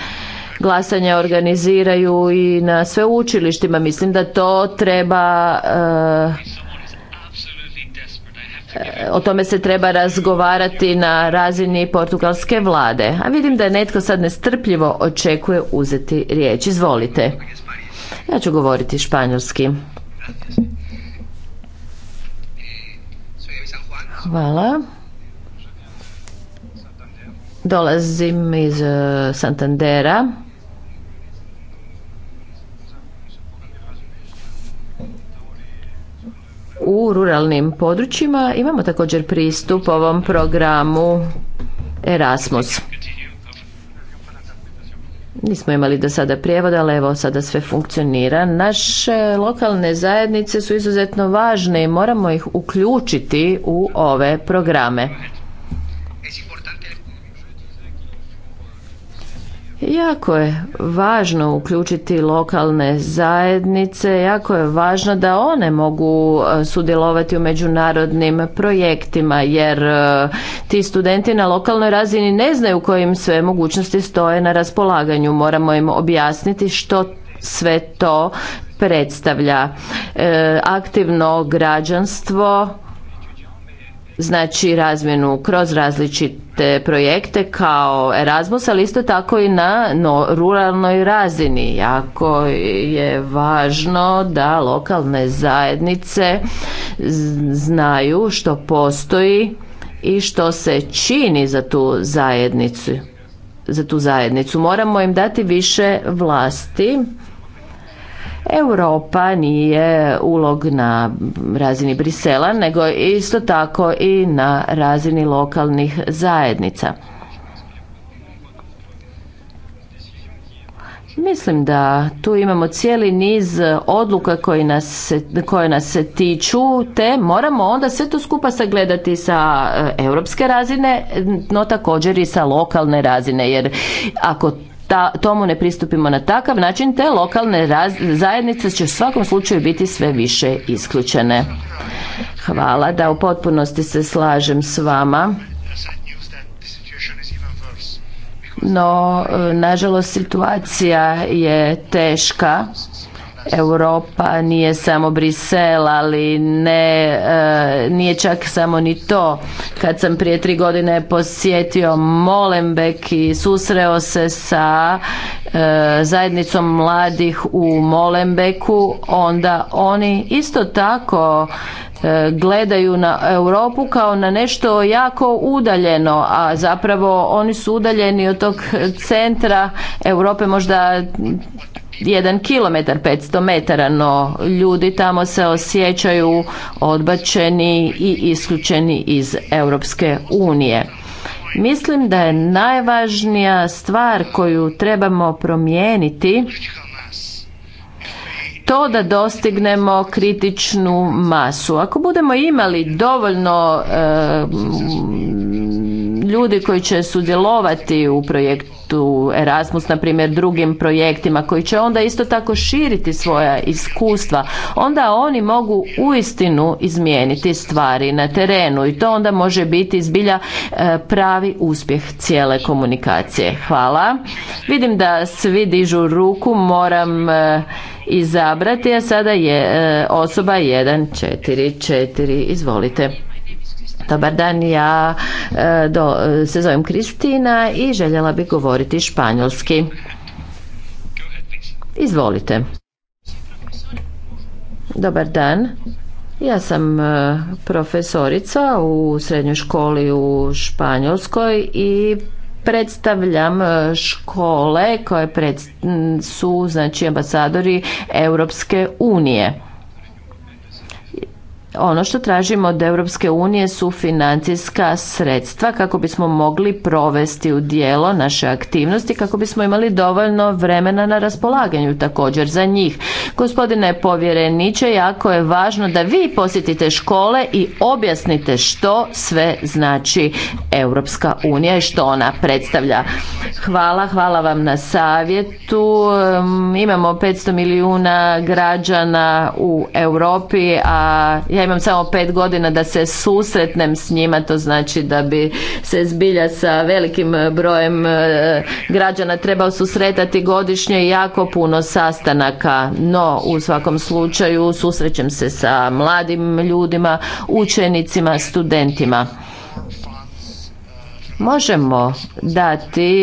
[SPEAKER 4] glasanja organiziraju i na sveučilištima. Mislim da to treba eh, o tome se treba razgovarati na razini portugalske vlade. A vidim da je netko sad nestrpljivo očekuje uzeti riječ. Izvolite. Ja ću govoriti španjolski. Hvala. Dolazim iz eh, Santandera. u ruralnim područjima. Imamo također pristup ovom programu Erasmus. Nismo imali do sada prijevod, ali evo sada sve funkcionira. Naše lokalne zajednice su izuzetno važne i moramo ih uključiti u ove programe. Jako je važno uključiti lokalne zajednice, jako je važno da one mogu e, sudjelovati u međunarodnim projektima jer e, ti studenti na lokalnoj razini ne znaju kojim sve mogućnosti stoje na raspolaganju. Moramo im objasniti što sve to predstavlja. E, aktivno građanstvo znači razmjenu kroz različite projekte kao Erasmus, ali isto tako i na ruralnoj razini. Jako je važno da lokalne zajednice znaju što postoji i što se čini za tu zajednicu. Za tu zajednicu moramo im dati više vlasti Europa nije ulog na razini Brisela, nego isto tako i na razini lokalnih zajednica. Mislim da tu imamo cijeli niz odluka nas, koje nas se tiču, te moramo onda sve to skupa sagledati sa e, europske razine, no također i sa lokalne razine, jer ako ta, tomu ne pristupimo na takav način, te lokalne raz, zajednice će u svakom slučaju biti sve više isključene. Hvala, da u potpunosti se slažem s vama. No, e, nažalost, situacija je teška Europa nije samo Brisel, ali ne, eh, nije čak samo ni to. Kad sam prije tri godine posjetio Molenbeek i susreo se sa eh, zajednicom mladih u Molembeku, onda oni isto tako eh, gledaju na Europu kao na nešto jako udaljeno, a zapravo oni su udaljeni od tog centra Europe možda jedan kilometar, 500 metara, no ljudi tamo se osjećaju odbačeni i isključeni iz Europske unije. Mislim da je najvažnija stvar koju trebamo promijeniti to da dostignemo kritičnu masu. Ako budemo imali dovoljno eh, ljudi koji će sudjelovati u projektu Erasmus, na primjer drugim projektima, koji će onda isto tako širiti svoja iskustva, onda oni mogu uistinu izmijeniti stvari na terenu i to onda može biti zbilja e, pravi uspjeh cijele komunikacije. Hvala. Vidim da svi dižu ruku, moram e, izabrati, a sada je e, osoba 144. Izvolite. Dobar dan, ja e, do, e, se zovem Kristina i željela bih govoriti španjolski. Izvolite. Dobar dan. Ja sam e, profesorica u srednjoj školi u Španjolskoj i predstavljam škole koje su znači ambasadori Europske unije. Ono što tražimo od Europske unije su financijska sredstva kako bismo mogli provesti u dijelo naše aktivnosti, kako bismo imali dovoljno vremena na raspolaganju također za njih. Gospodine povjereniče, jako je važno da vi posjetite škole i objasnite što sve znači Europska unija i što ona predstavlja. Hvala, hvala vam na savjetu. Imamo 500 milijuna građana u Europi, a ja imam samo pet godina da se susretnem s njima, to znači da bi se zbilja sa velikim e, brojem e, građana trebao susretati godišnje jako puno sastanaka, no u svakom slučaju susrećem se sa mladim ljudima, učenicima, studentima. Možemo dati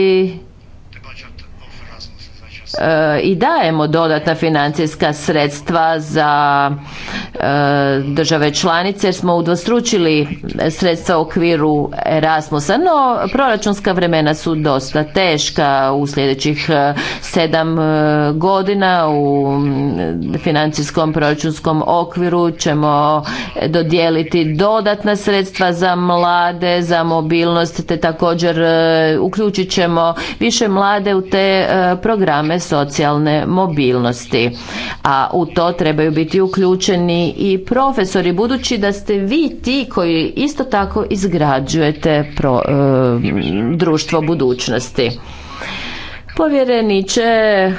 [SPEAKER 4] E, i dajemo dodatna financijska sredstva za e, države članice jer smo udvostručili sredstva u okviru Erasmusa, no proračunska vremena su dosta teška u sljedećih e, sedam godina u financijskom proračunskom okviru ćemo dodijeliti dodatna sredstva za mlade, za mobilnost te također uključit ćemo više mlade u te programe socijalne mobilnosti. A u to trebaju biti uključeni i profesori, budući da ste vi ti koji isto tako izgrađujete eh, društvo budućnosti. Povjereniče, e,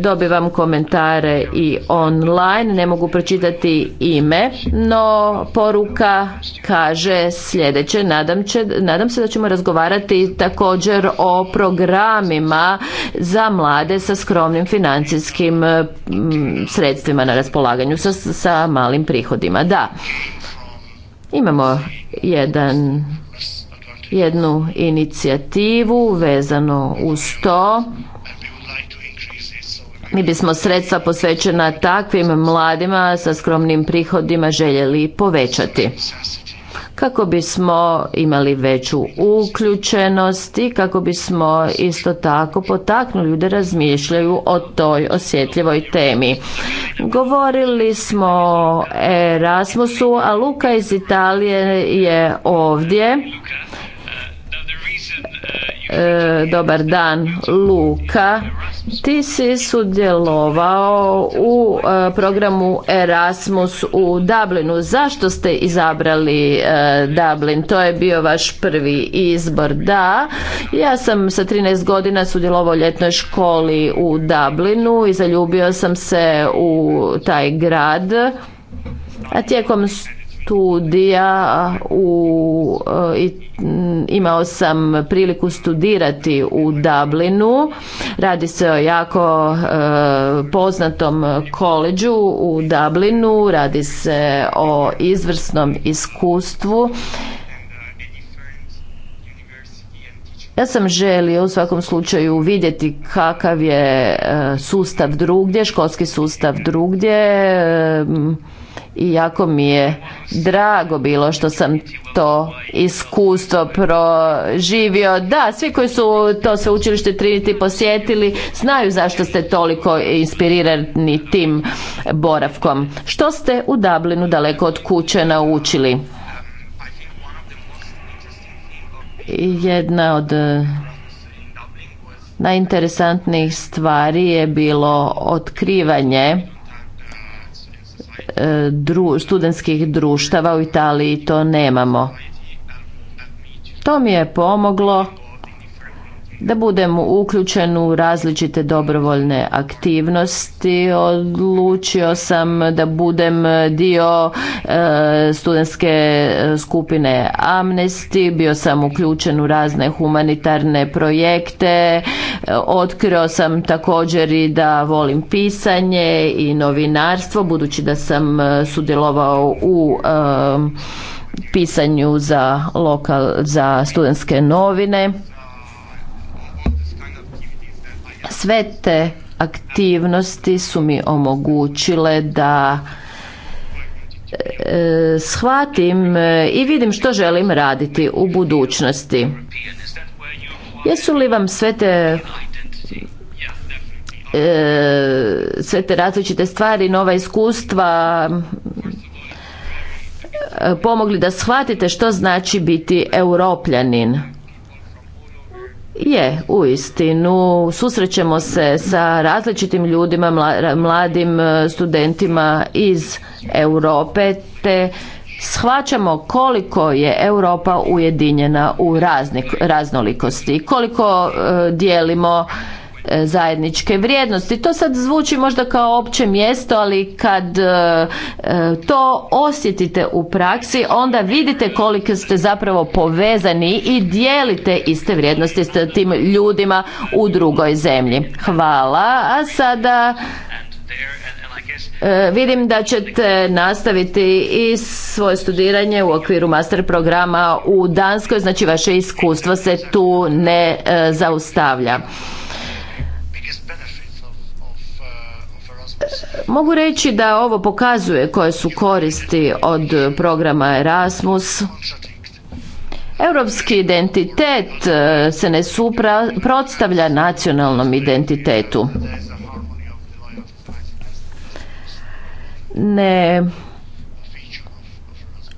[SPEAKER 4] dobivam komentare i online, ne mogu pročitati ime, no poruka kaže sljedeće, nadam, će, nadam se da ćemo razgovarati također o programima za mlade sa skromnim financijskim e, sredstvima na raspolaganju, sa, sa malim prihodima. Da, imamo jedan jednu inicijativu vezano uz to. Mi bismo sredstva posvećena takvim mladima sa skromnim prihodima željeli povećati kako bismo imali veću uključenost i kako bismo isto tako potaknuli da razmišljaju o toj osjetljivoj temi. Govorili smo Erasmusu, a Luka iz Italije je ovdje E, dobar dan Luka ti si sudjelovao u e, programu Erasmus u Dublinu zašto ste izabrali e, Dublin to je bio vaš prvi izbor da ja sam sa 13 godina sudjelovao u ljetnoj školi u Dublinu i zaljubio sam se u taj grad a tijekom studija u, e, mm, imao sam priliku studirati u Dublinu. Radi se o jako e, poznatom koleđu u Dublinu. Radi se o izvrsnom iskustvu. Ja sam želio u svakom slučaju vidjeti kakav je e, sustav drugdje, školski sustav drugdje i jako mi je drago bilo što sam to iskustvo proživio. Da, svi koji su to sveučilište Trinity posjetili znaju zašto ste toliko inspirirani tim boravkom. Što ste u Dublinu daleko od kuće naučili? Jedna od e, najinteresantnijih stvari je bilo otkrivanje E, dru, studentskih društava u Italiji to nemamo. To mi je pomoglo da budem uključen u različite dobrovoljne aktivnosti. Odlučio sam da budem dio e, studentske skupine Amnesty, bio sam uključen u razne humanitarne projekte, e, otkrio sam također i da volim pisanje i novinarstvo, budući da sam e, sudjelovao u pisanju za lokal za studentske novine sve te aktivnosti su mi omogućile da e, shvatim e, i vidim što želim raditi u budućnosti. Jesu li vam sve te e, sve te različite stvari, nova iskustva pomogli da shvatite što znači biti europljanin. Je, u istinu. Susrećemo se sa različitim ljudima, mladim e, studentima iz Europe, te shvaćamo koliko je Europa ujedinjena u raznik, raznolikosti, koliko e, dijelimo E, zajedničke vrijednosti. To sad zvuči možda kao opće mjesto, ali kad e, e, to osjetite u praksi, onda vidite koliko ste zapravo povezani i dijelite iste vrijednosti s tim ljudima u drugoj zemlji. Hvala. A sada vidim da ćete nastaviti i svoje studiranje u okviru master programa u Danskoj, znači vaše iskustvo se tu ne zaustavlja. Mogu reći da ovo pokazuje koje su koristi od programa Erasmus. Europski identitet e, se ne suprotstavlja nacionalnom identitetu. Ne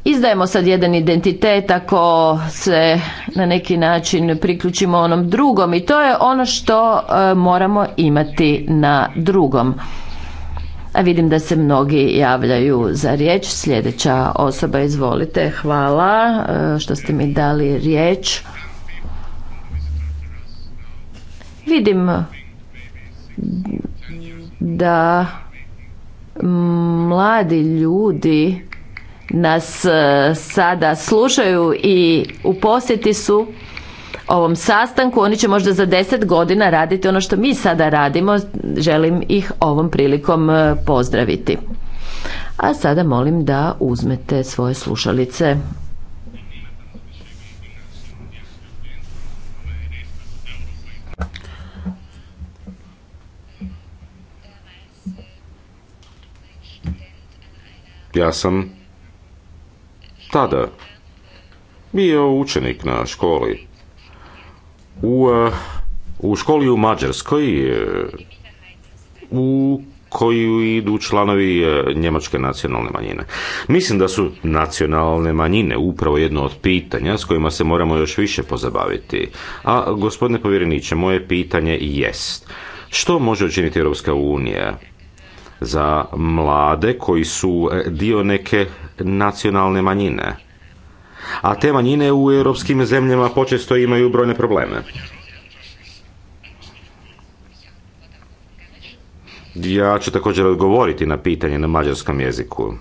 [SPEAKER 4] izdajemo sad jedan identitet ako se na neki način priključimo onom drugom i to je ono što e, moramo imati na drugom. A vidim da se mnogi javljaju za riječ. Sljedeća osoba, izvolite. Hvala e, što ste mi dali riječ. Vidim da mladi ljudi nas e, sada slušaju i u posjeti su ovom sastanku. Oni će možda za deset godina raditi ono što mi sada radimo. Želim ih ovom prilikom e, pozdraviti. A sada molim da uzmete svoje slušalice.
[SPEAKER 1] Ja sam tada bio učenik na školi u, eh, u školi u Mađarskoj eh, u koju idu članovi eh, njemačke nacionalne manjine. Mislim da su nacionalne manjine upravo jedno od pitanja s kojima se moramo još više pozabaviti. A gospodine povjereniče, moje pitanje jest što može učiniti Europska unija za mlade koji su dio neke nacionalne manjine? a te manjine u europskim zemljama počesto imaju brojne probleme. Ja ću također odgovoriti na pitanje na mađarskom jeziku.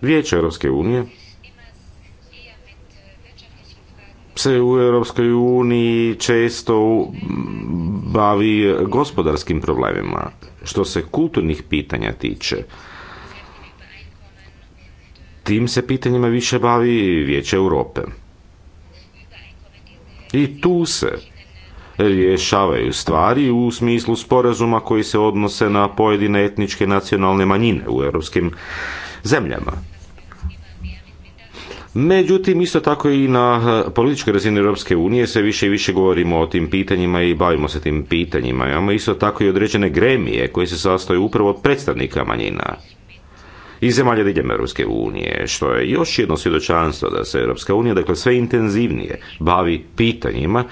[SPEAKER 1] Vijeće Europske unije se u Europskoj uniji često bavi gospodarskim problemima. Što se kulturnih pitanja tiče, tim se pitanjima više bavi Vijeće Europe. I tu se rješavaju stvari u smislu sporazuma koji se odnose na pojedine etničke nacionalne manjine u europskim zemljama. Međutim, isto tako i na e, političkoj razini Europske unije se više i više govorimo o tim pitanjima i bavimo se tim pitanjima. Imamo isto tako i određene gremije koje se sastoje upravo od predstavnika manjina i zemalja diljem Europske unije, što je još jedno svjedočanstvo da se Europska unija dakle sve intenzivnije bavi pitanjima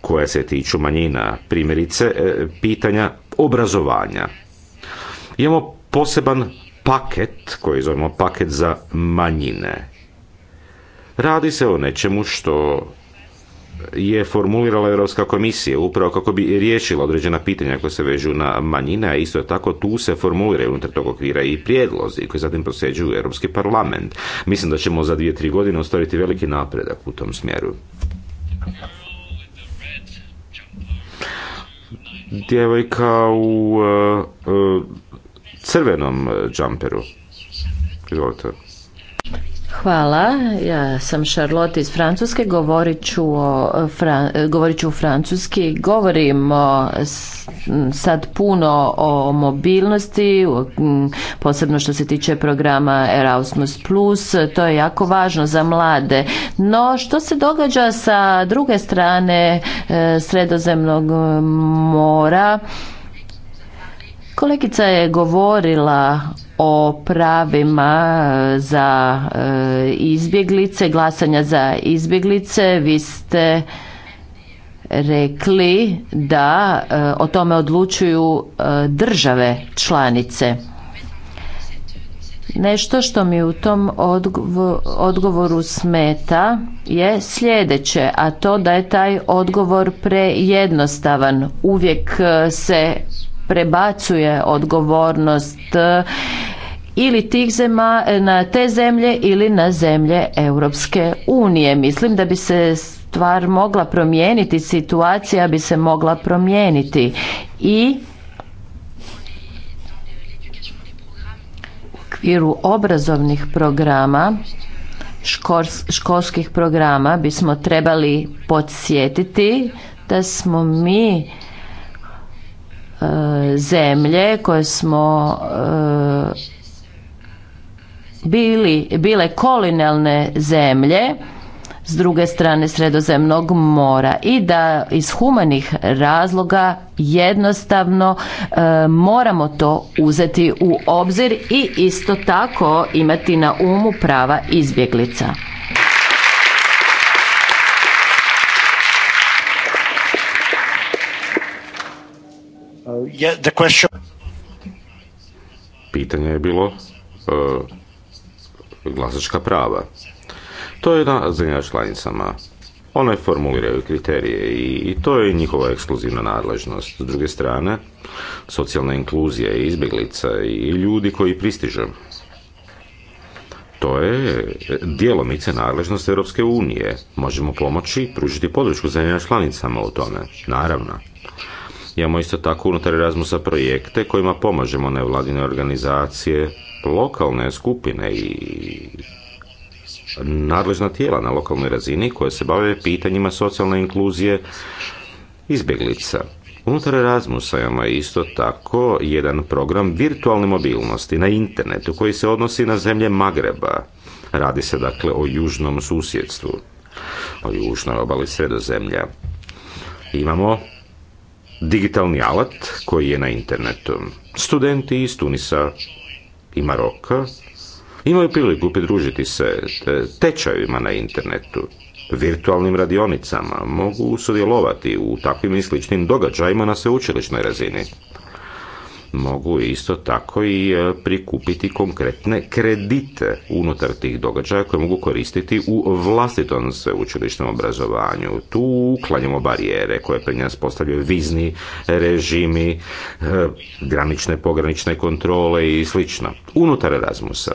[SPEAKER 1] koja se tiču manjina, primjerice e, pitanja obrazovanja. Imamo poseban paket koji zovemo paket za manjine Radi se o nečemu što je formulirala Europska komisija upravo kako bi riješila određena pitanja koja se vežu na manjine, a isto tako tu se formuliraju unutar tog okvira i prijedlozi koji zatim prosjeđuju Europski parlament. Mislim da ćemo za dvije, tri godine ostvariti veliki napredak u tom smjeru. Djevojka u uh, crvenom e, džamperu. Izvolite.
[SPEAKER 4] Hvala, ja sam Charlotte iz Francuske, govorit ću, o, francuski. Govorimo sad puno o mobilnosti, posebno što se tiče programa Erasmus+, to je jako važno za mlade. No, što se događa sa druge strane e, sredozemnog e, mora? Kolegica je govorila o pravima za e, izbjeglice, glasanja za izbjeglice. Vi ste rekli da e, o tome odlučuju e, države članice. Nešto što mi u tom odgovoru smeta je sljedeće, a to da je taj odgovor prejednostavan. Uvijek se prebacuje odgovornost e, ili tih zema, e, na te zemlje ili na zemlje Europske unije. Mislim da bi se stvar mogla promijeniti, situacija bi se mogla promijeniti i u okviru obrazovnih programa školskih programa bismo trebali podsjetiti da smo mi E, zemlje koje smo e, bile kolinelne zemlje s druge strane sredozemnog mora i da iz humanih razloga jednostavno e, moramo to uzeti u obzir i isto tako imati na umu prava izbjeglica.
[SPEAKER 1] Pitanje je bilo e, glasačka prava. To je na zemlja članicama. One formuliraju kriterije i to je njihova ekskluzivna nadležnost. S druge strane, socijalna inkluzija i izbjeglica i ljudi koji pristižu. To je djelomice nadležnost Europske unije. Možemo pomoći pružiti podršku zemljama članicama u tome, naravno. Imamo isto tako unutar Erasmusa projekte kojima pomažemo nevladine organizacije, lokalne skupine i nadležna tijela na lokalnoj razini koje se bave pitanjima socijalne inkluzije izbjeglica. Unutar Erasmusa imamo isto tako jedan program virtualne mobilnosti na internetu koji se odnosi na zemlje Magreba. Radi se dakle o južnom susjedstvu, o južnoj obali sredozemlja. Imamo digitalni alat koji je na internetu. Studenti iz Tunisa i Maroka imaju priliku pridružiti se tečajima na internetu, virtualnim radionicama, mogu sudjelovati u takvim i sličnim događajima na sveučilišnoj razini mogu isto tako i e, prikupiti konkretne kredite unutar tih događaja koje mogu koristiti u vlastitom sveučilišnom obrazovanju. Tu uklanjamo barijere koje pred nas postavljaju vizni režimi, e, granične, pogranične kontrole i sl. Unutar Erasmusa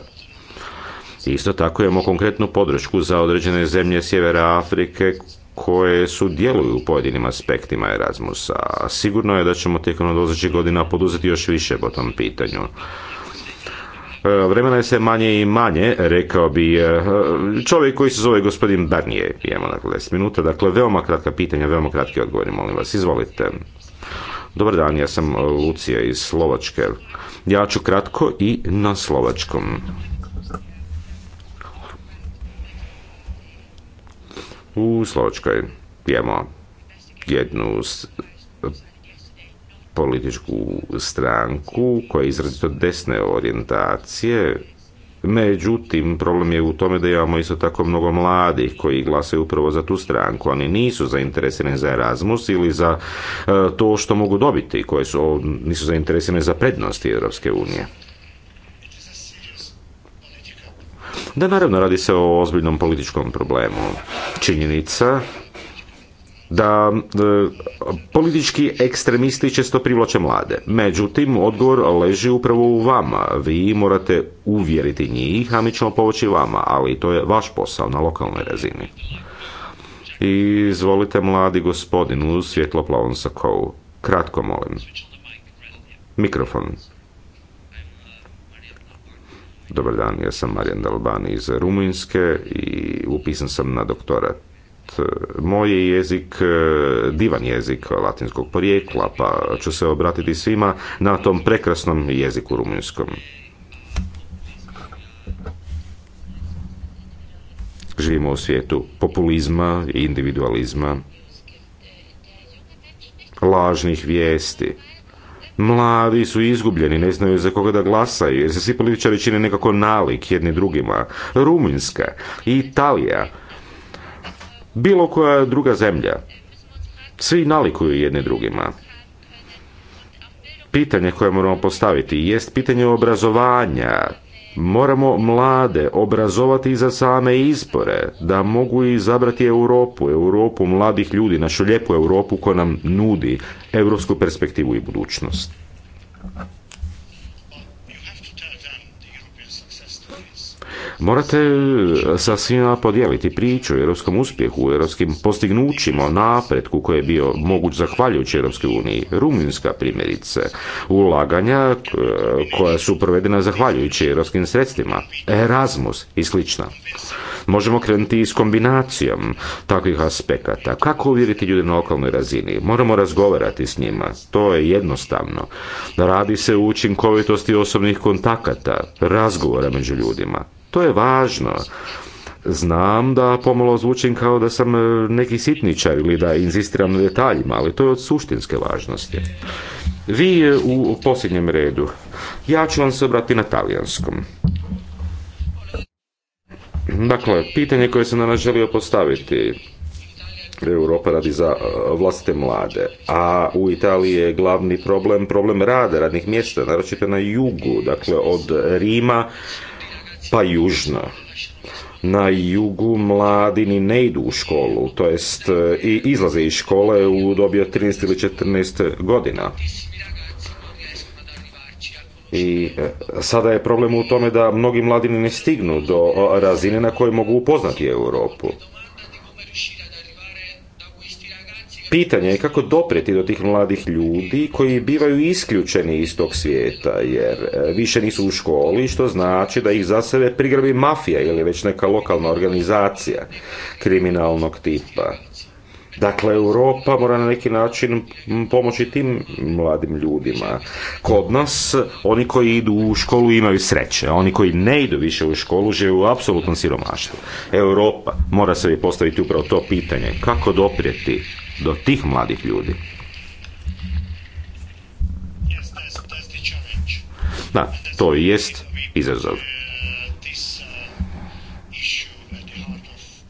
[SPEAKER 1] Isto tako imamo konkretnu podršku za određene zemlje Sjevera Afrike koje su djeluju u pojedinim aspektima Erasmusa. Sigurno je da ćemo tijekom dolazećih godina poduzeti još više po tom pitanju. E, vremena je se manje i manje, rekao bi e, čovjek koji se zove gospodin Barnije. pijemo dakle 10 minuta, dakle veoma kratka pitanja, veoma kratki odgovor, molim vas, izvolite. Dobar dan, ja sam e, Lucija iz Slovačke. Ja ću kratko i na slovačkom. U Slovačkoj imamo jednu političku stranku koja je izrazito desne orijentacije, međutim problem je u tome da imamo isto tako mnogo mladih koji glasaju upravo za tu stranku. Oni nisu zainteresirani za Erasmus ili za e, to što mogu dobiti, koje su, nisu zainteresirani za prednosti Europske unije. Da, naravno, radi se o ozbiljnom političkom problemu. Činjenica da e, politički ekstremisti često privlače mlade. Međutim, odgovor leži upravo u vama. Vi morate uvjeriti njih, a mi ćemo povoći vama, ali to je vaš posao na lokalnoj razini. I izvolite mladi gospodin u svjetloplavom sakovu. Kratko molim. Mikrofon. Dobar dan, ja sam Marijan Dalban iz Rumunjske i upisan sam na doktorat. Moj je jezik e, divan jezik latinskog porijekla, pa ću se obratiti svima na tom prekrasnom jeziku rumunjskom. Živimo u svijetu populizma i individualizma, lažnih vijesti, Mladi su izgubljeni, ne znaju za koga da glasaju, jer se svi političari čine nekako nalik jedni drugima. Rumunjska, Italija, bilo koja druga zemlja. Svi nalikuju jedni drugima. Pitanje koje moramo postaviti jest pitanje obrazovanja, Moramo mlade obrazovati za same izbore, da mogu izabrati Europu, Europu mladih ljudi, našu lijepu Europu koja nam nudi europsku perspektivu i budućnost. Morate e, sa svima podijeliti priču o europskom uspjehu, o europskim postignućima, o napretku koji je bio moguć zahvaljujući Europskoj uniji. Rumunjska primjerice, ulaganja e, koja su provedena zahvaljujući europskim sredstvima, Erasmus i slično. Možemo krenuti i s kombinacijom takvih aspekata. Kako uvjeriti ljude na lokalnoj razini? Moramo razgovarati s njima. To je jednostavno. Radi se o učinkovitosti osobnih kontakata, razgovora među ljudima. To je važno. Znam da pomalo zvučim kao da sam e, neki sitničar ili da inzistiram na detaljima, ali to je od suštinske važnosti. Vi e, u posljednjem redu. Ja ću vam se obratiti na talijanskom. Dakle, pitanje koje sam danas želio postaviti. Europa radi za e, vlastite mlade, a u Italiji je glavni problem problem rada, radnih mjesta, naročito na jugu, dakle od Rima pa južno. Na jugu mladi ni ne idu u školu, to jest e, i izlaze iz škole u dobi od 13 ili 14 godina. I e, sada je problem u tome da mnogi mladi ne stignu do razine na kojoj mogu upoznati Europu. Pitanje je kako doprijeti do tih mladih ljudi koji bivaju isključeni iz tog svijeta jer e, više nisu u školi što znači da ih za sebe prigrabi mafija ili već neka lokalna organizacija kriminalnog tipa. Dakle, Europa mora na neki način pomoći tim mladim ljudima. Kod nas, oni koji idu u školu imaju sreće, a oni koji ne idu više u školu žive u apsolutnom siromaštvu. Europa mora se postaviti upravo to pitanje, kako doprijeti do tih mladih ljudi. Da, to i jest izazov.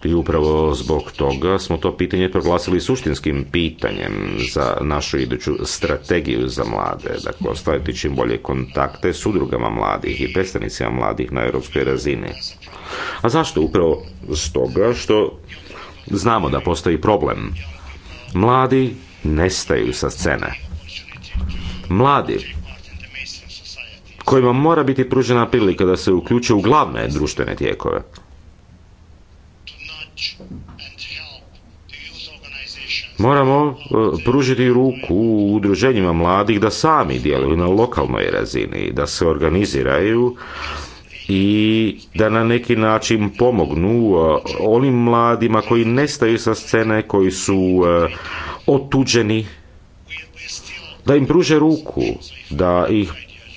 [SPEAKER 1] I upravo zbog toga smo to pitanje proglasili suštinskim pitanjem za našu iduću strategiju za mlade. Dakle, ostaviti čim bolje kontakte s udrugama mladih i predstavnicima mladih na europskoj razini. A zašto? Upravo stoga što znamo da postoji problem. Mladi nestaju sa scene. Mladi kojima mora biti pružena prilika da se uključe u glavne društvene tijekove. Moramo eh, pružiti ruku u udruženjima mladih da sami djeluju na lokalnoj razini, da se organiziraju i da na neki način pomognu eh, onim mladima koji nestaju sa scene, koji su eh, otuđeni, da im pruže ruku, da ih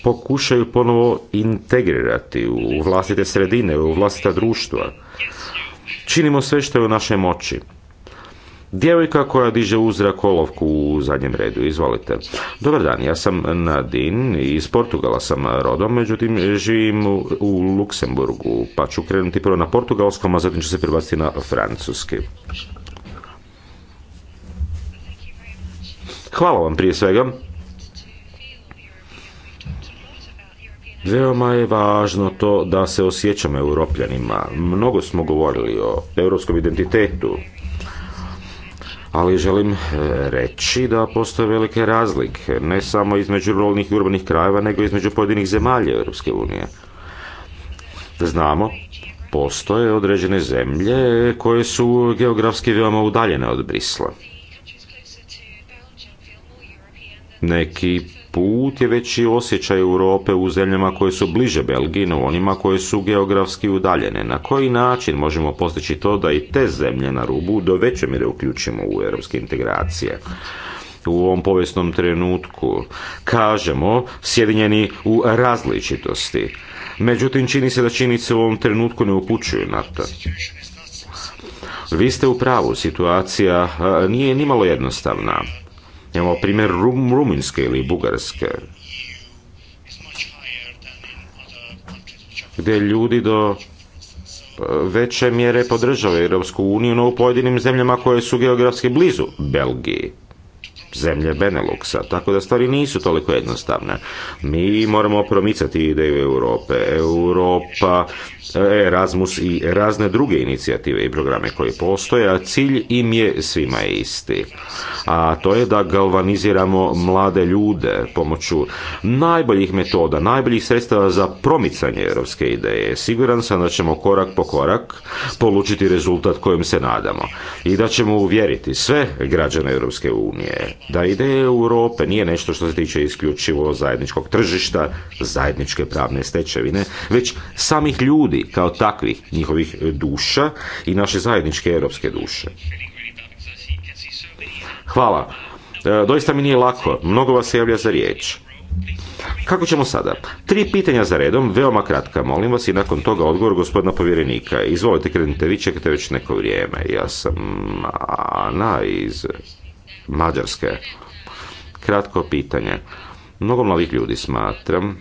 [SPEAKER 1] pokušaju ponovo integrirati u vlastite sredine, u vlastita društva. Činimo sve što je u našoj moći. Djevojka koja diže uzrak olovku u zadnjem redu, izvolite. Dobar dan, ja sam Nadin, iz Portugala sam rodom, međutim živim u, u Luksemburgu, pa ću krenuti prvo na portugalskom, a zatim ću se prebaciti na francuski. Hvala vam prije svega. Veoma je važno to da se osjećamo europljanima. Mnogo smo govorili o europskom identitetu, ali želim e, reći da postoje velike razlike, ne samo između rolnih i urbanih krajeva, nego između pojedinih zemalja Europske unije. Znamo, postoje određene zemlje koje su geografski veoma udaljene od Brisla. Neki put je veći osjećaj Europe u zemljama koje su bliže Belgiji, no onima koje su geografski udaljene. Na koji način možemo postići to da i te zemlje na rubu do veće mjere uključimo u europske integracije? u ovom povijesnom trenutku. Kažemo, sjedinjeni u različitosti. Međutim, čini se da činjenice u ovom trenutku ne upućuju na to. Vi ste u pravu, situacija nije nimalo jednostavna. Imamo primjer Rumunjske ili Bugarske, gdje ljudi do e, veće mjere podržavaju Europsku uniju, no u pojedinim zemljama koje su geografski blizu Belgiji zemlje Beneluxa, tako da stvari nisu toliko jednostavne. Mi moramo promicati ideju Europe, Europa, e, Erasmus i razne druge inicijative i programe koji postoje, a cilj im je svima isti. A to je da galvaniziramo mlade ljude pomoću najboljih metoda, najboljih sredstava za promicanje europske ideje. Siguran sam da ćemo korak po korak polučiti rezultat kojem se nadamo i da ćemo uvjeriti sve građane Europske unije da ideje Europe nije nešto što se tiče isključivo zajedničkog tržišta, zajedničke pravne stečevine, već samih ljudi kao takvih, njihovih duša i naše zajedničke europske duše. Hvala. E, doista mi nije lako. Mnogo vas se javlja za riječ. Kako ćemo sada? Tri pitanja za redom, veoma kratka, molim vas, i nakon toga odgovor gospodina povjerenika. Izvolite, krenite, vi čekate već neko vrijeme. Ja sam Ana iz Mađarske. Kratko pitanje. Mnogo mladih ljudi smatram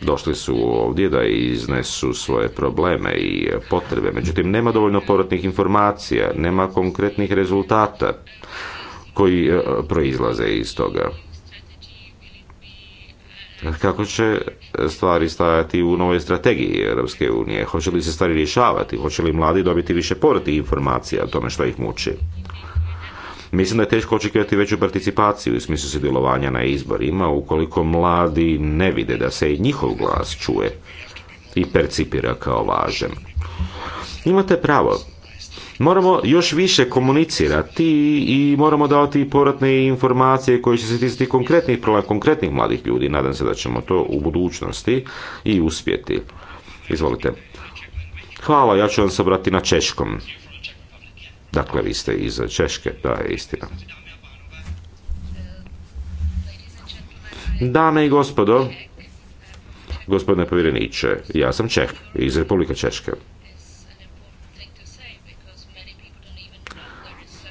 [SPEAKER 1] došli su ovdje da iznesu svoje probleme i potrebe. Međutim, nema dovoljno povratnih informacija, nema konkretnih rezultata koji e, proizlaze iz toga. Kako će stvari stajati u novoj strategiji Europske unije? Hoće li se stvari rješavati? Hoće li mladi dobiti više povratnih informacija o tome što ih muči? Mislim da je teško očekivati veću participaciju u smislu sudjelovanja na izborima ukoliko mladi ne vide da se i njihov glas čuje i percipira kao važan. Imate pravo, moramo još više komunicirati i moramo davati povratne informacije koje će se tisti konkretnih problema, konkretnih mladih ljudi. Nadam se da ćemo to u budućnosti i uspjeti. Izvolite. Hvala, ja ću vam se obratiti na češkom. Dakle, vi ste iz Češke, da je istina. Dame i gospodo, gospodine povjereniče, ja sam Čeh, iz Republike Češke.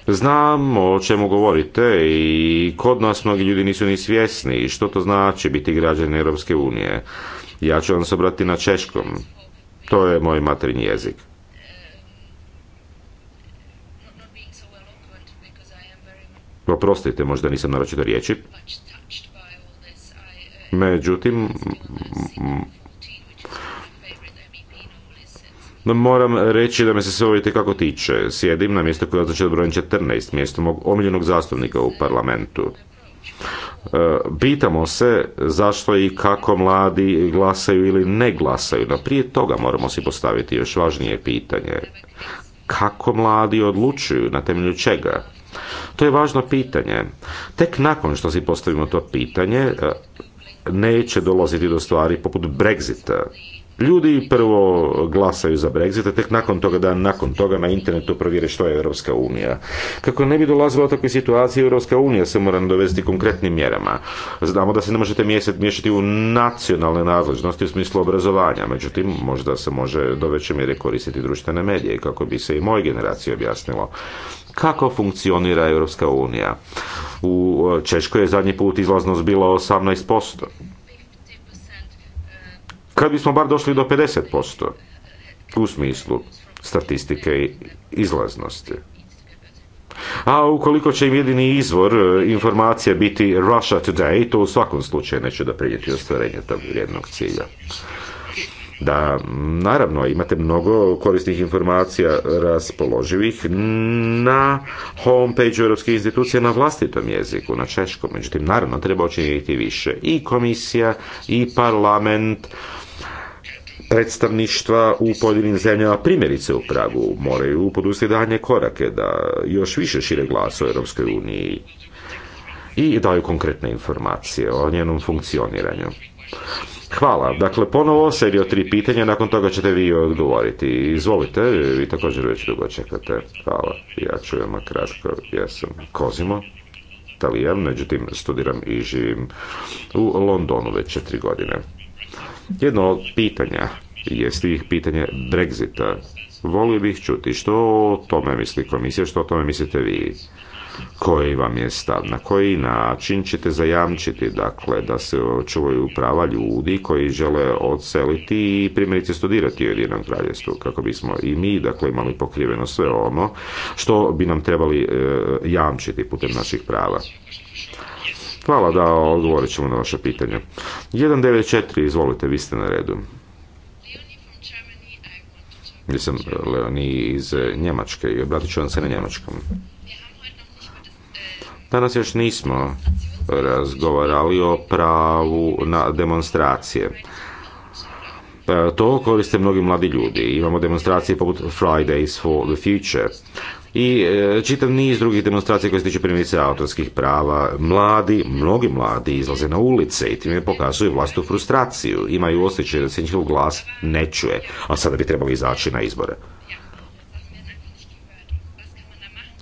[SPEAKER 1] Znam o čemu govorite i kod nas mnogi ljudi nisu ni svjesni što to znači biti građani Europske unije. Ja ću vam se obratiti na češkom. To je moj materinji jezik. Oprostite, možda nisam naročito riječi. Međutim, moram reći da me se sve ovo kako tiče. Sjedim na mjesto koje je označeno brojem 14, mjesto mog omiljenog zastupnika u parlamentu. E, pitamo se zašto i kako mladi glasaju ili ne glasaju, no prije toga moramo si postaviti još važnije pitanje. Kako mladi odlučuju, na temelju čega? To je važno pitanje. Tek nakon što si postavimo to pitanje, e, neće dolaziti do stvari poput Brexita. Ljudi prvo glasaju za Brexit, tek nakon toga, dan nakon toga na internetu provjere što je Europska unija. Kako ne bi dolazila takve situacije, Europska unija se mora dovesti konkretnim mjerama. Znamo da se ne možete mjesec miješati u nacionalne nadležnosti u smislu obrazovanja, međutim, možda se može do veće mjere koristiti društvene medije, kako bi se i moje generacije objasnilo kako funkcionira Europska unija. U e, Češkoj je zadnji put izlaznost bila 18%. Kad bismo bar došli do 50% u smislu statistike izlaznosti. A ukoliko će im jedini izvor e, informacija biti Russia Today, to u svakom slučaju neće da prijeti ostvarenje tog vrijednog cilja da naravno imate mnogo korisnih informacija raspoloživih na homepage europskih institucija na vlastitom jeziku, na češkom. Međutim, naravno treba učiniti više. I komisija i parlament predstavništva u pojedinim zemljama, primjerice u Pragu, moraju poduzeti danje korake da još više šire glas u Europskoj uniji i daju konkretne informacije o njenom funkcioniranju. Hvala. Dakle, ponovo o tri pitanja, nakon toga ćete vi odgovoriti. Izvolite, vi također već dugo čekate. Hvala. Ja čujem kratko, ja sam Kozimo, talijan, međutim studiram i živim u Londonu već četiri godine. Jedno od pitanja jeste ih pitanje Brexita. Volio bih čuti što o tome misli komisija, što o tome mislite vi koji vam je stav, na koji način ćete zajamčiti dakle da se očuvaju prava ljudi koji žele odseliti i primjerice studirati u Jedinom kraljevstvu kako bismo i mi dakle imali pokriveno sve ono što bi nam trebali e, jamčiti putem naših prava. Hvala da odgovorit ćemo na vaše pitanje. 194, izvolite, vi ste na redu. Nisam sam Leoni iz Njemačke i obratit ću vam se na njemačkom. Danas još nismo razgovarali o pravu na demonstracije. E, to koriste mnogi mladi ljudi. Imamo demonstracije poput Fridays for the Future i e, čitav niz drugih demonstracija koje se tiče primjerice autorskih prava. Mladi, mnogi mladi izlaze na ulice i time pokazuju vlastitu frustraciju. Imaju osjećaj da se njihov glas ne čuje, a sada bi trebali izaći na izbore.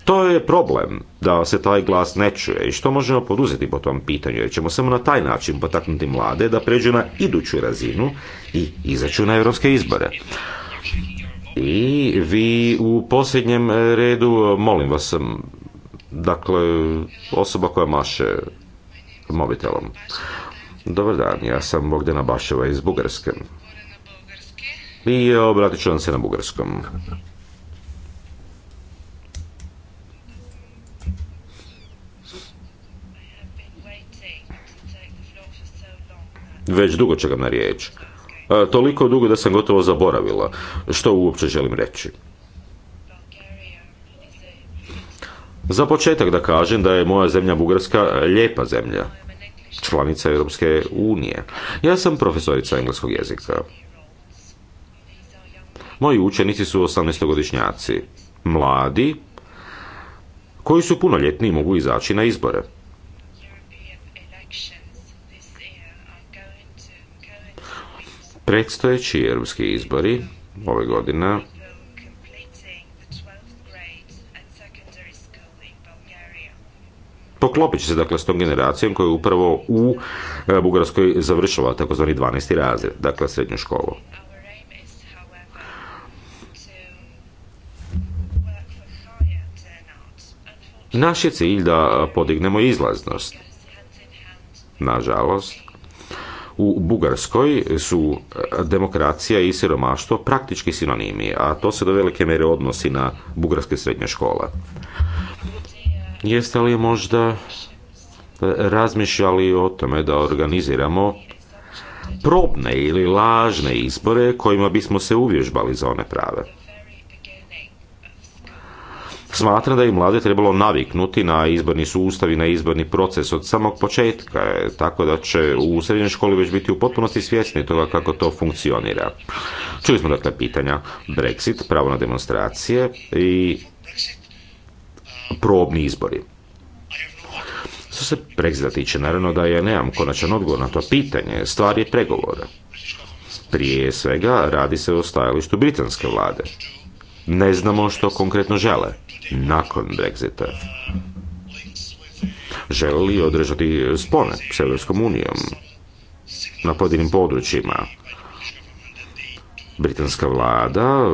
[SPEAKER 1] To je problem da se taj glas ne čuje i što možemo poduzeti po tom pitanju, jer ćemo samo na taj način potaknuti mlade da pređu na iduću razinu i izaću na europske izbore. I vi u posljednjem redu, molim vas, dakle, osoba koja maše mobitelom. Dobar dan, ja sam Bogdana Baševa iz Bugarske. I obratit ću vam se na bugarskom. već dugo čekam na riječ. E, toliko dugo da sam gotovo zaboravila što uopće želim reći. Za početak da kažem da je moja zemlja Bugarska lijepa zemlja, članica Europske unije. Ja sam profesorica engleskog jezika. Moji učenici su 18-godišnjaci, mladi, koji su punoljetni i mogu izaći na izbore. Predstojeći europski izbori ove godine poklopit će se dakle s tom generacijom koja je upravo u e, Bugarskoj završila takozvani 12. razred, dakle srednju školu. Naš je cilj da podignemo izlaznost. Nažalost, u Bugarskoj su e, demokracija i siromaštvo praktički sinonimi, a to se do velike mere odnosi na bugarske srednje škole. Jeste li možda e, razmišljali o tome da organiziramo probne ili lažne izbore kojima bismo se uvježbali za one prave? Smatram da je mlade trebalo naviknuti na izborni sustav i na izborni proces od samog početka, tako da će u srednjoj školi već biti u potpunosti svjesni toga kako to funkcionira. Čuli smo dakle pitanja Brexit, pravo na demonstracije i probni izbori. Što se Brexita tiče, naravno da ja nemam konačan odgovor na to pitanje, stvar je pregovora. Prije svega radi se o stajalištu britanske vlade. Ne znamo što konkretno žele nakon Brexita. Žele li održati spone s EU na pojedinim područjima? Britanska vlada e,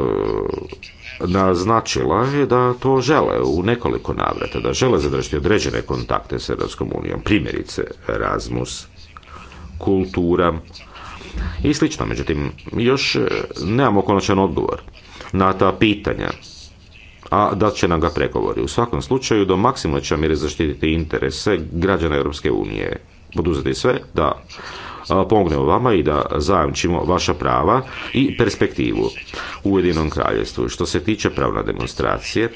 [SPEAKER 1] naznačila je da to žele u nekoliko navrata, da žele zadržati određene kontakte s EU. primjerice Erasmus, kultura i slično. Međutim, još e, nemamo konačan odgovor na ta pitanja a da će nam ga pregovori. U svakom slučaju, do maksimalne će mjere zaštititi interese građana Europske unije. Poduzeti sve da pomognemo vama i da zajamčimo vaša prava i perspektivu u Ujedinom kraljestvu. Što se tiče pravna demonstracije,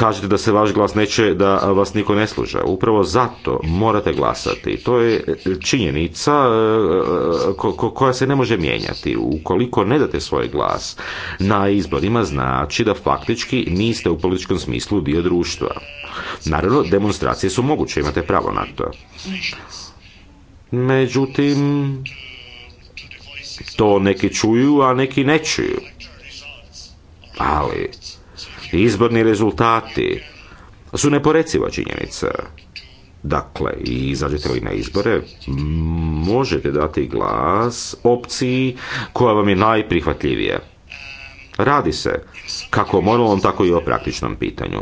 [SPEAKER 1] kažete da se vaš glas neće, da vas niko ne služa. Upravo zato morate glasati. To je e, činjenica e, e, koja se ne može mijenjati. Ukoliko ne date svoj glas na izborima, znači da faktički niste u političkom smislu dio društva. Naravno, demonstracije su moguće, imate pravo na to. Međutim, to neki čuju, a neki ne čuju. Ali, Izborni rezultati su neporeciva činjenica. Dakle, izađete li na izbore, možete dati glas opciji koja vam je najprihvatljivija. Radi se kako o moralnom, tako i o praktičnom pitanju.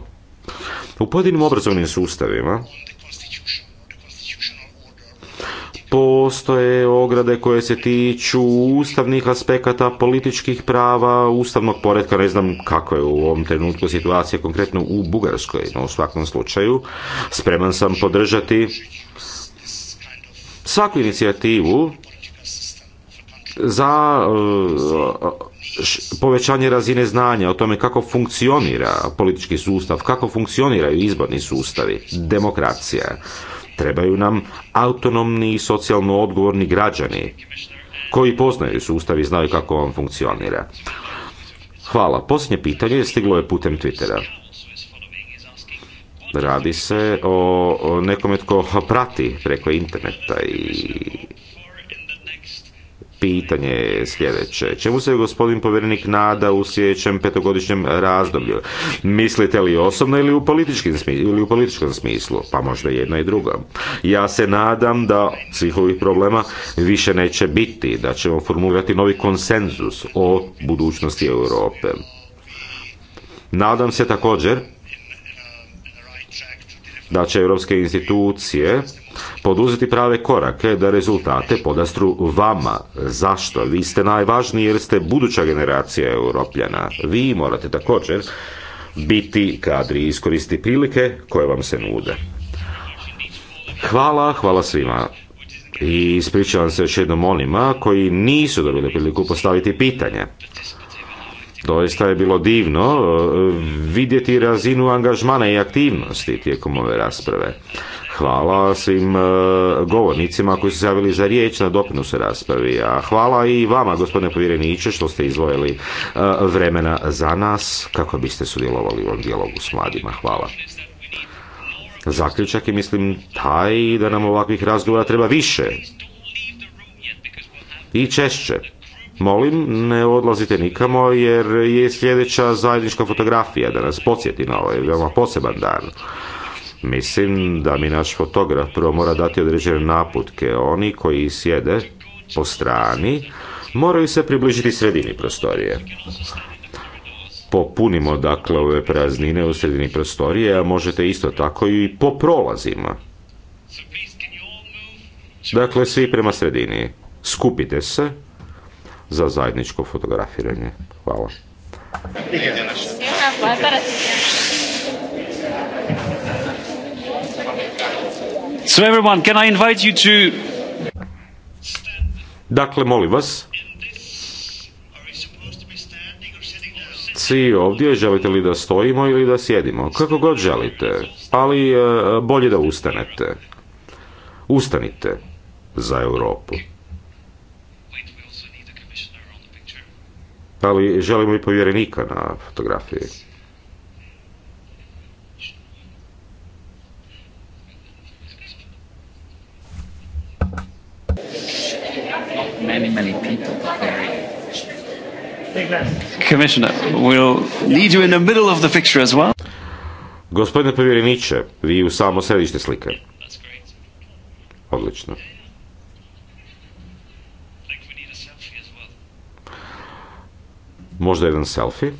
[SPEAKER 1] U pojedinim obrazovnim sustavima postoje ograde koje se tiču ustavnih aspekata, političkih prava, ustavnog poredka, ne znam kako je u ovom trenutku situacija konkretno u Bugarskoj, no u svakom slučaju spreman sam podržati svaku inicijativu za e, povećanje razine znanja o tome kako funkcionira politički sustav, kako funkcioniraju izborni sustavi, demokracija. Trebaju nam autonomni i socijalno odgovorni građani koji poznaju sustav i znaju kako on funkcionira. Hvala. Posljednje pitanje stiglo je putem Twittera. Radi se o nekome tko prati preko interneta i pitanje je sljedeće. Čemu se gospodin povjerenik nada u sljedećem petogodišnjem razdoblju? Mislite li osobno ili u, ili u političkom smislu? Pa možda jedno i drugo. Ja se nadam da svih ovih problema više neće biti, da ćemo formulirati novi konsenzus o budućnosti Europe. Nadam se također da će europske institucije poduzeti prave korake da rezultate podastru vama. Zašto? Vi ste najvažniji jer ste buduća generacija europljana. Vi morate također biti kadri i iskoristiti prilike koje vam se nude. Hvala, hvala svima. I ispričavam se još jednom onima koji nisu dobili priliku postaviti pitanje. Doista je bilo divno e, vidjeti razinu angažmana i aktivnosti tijekom ove rasprave. Hvala svim e, govornicima koji su se javili za riječ na se raspravi, a hvala i vama gospodine povjereniče što ste izvojili e, vremena za nas kako biste sudjelovali u ovom dijalogu s mladima. Hvala. Zaključak je mislim taj da nam ovakvih razgovora treba više i češće. Molim, ne odlazite nikamo jer je sljedeća zajednička fotografija da nas podsjeti na ovaj veoma poseban dan. Mislim da mi naš fotograf prvo mora dati određene naputke. Oni koji sjede po strani moraju se približiti sredini prostorije. Popunimo dakle ove praznine u sredini prostorije, a možete isto tako i po prolazima. Dakle, svi prema sredini. Skupite se za zajedničko fotografiranje. Hvala. So everyone, can I invite you to... Dakle, molim vas. Svi ovdje, želite li da stojimo ili da sjedimo? Kako god želite, ali e, bolje da ustanete. Ustanite za Europu. Ali želimo i povjerenika na fotografiji.
[SPEAKER 2] many, many people. Very
[SPEAKER 1] Commissioner, we'll need you in the middle of the picture as well. Gospodine povjereniče, vi u samo središte slike. Odlično. selfie. Možda jedan selfie?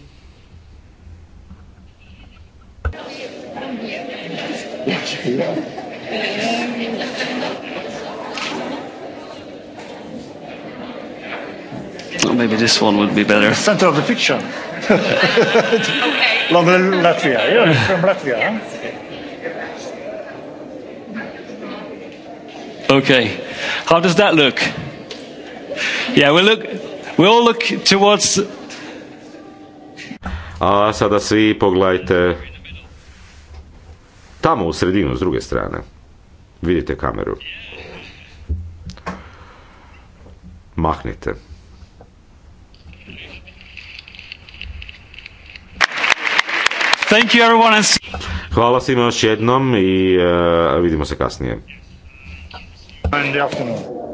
[SPEAKER 3] Well, maybe this one would be better. Center of the picture. okay. Long Latvia. Yeah, from Latvia. Huh? Okay. How does that look?
[SPEAKER 1] Yeah, we look. We all look towards. A sada svi pogledajte tamo u sredinu, s druge strane. Vidite kameru. Mahnite. Thank you everyone and see... Hvala svima još jednom i uh, vidimo se kasnije. And the afternoon.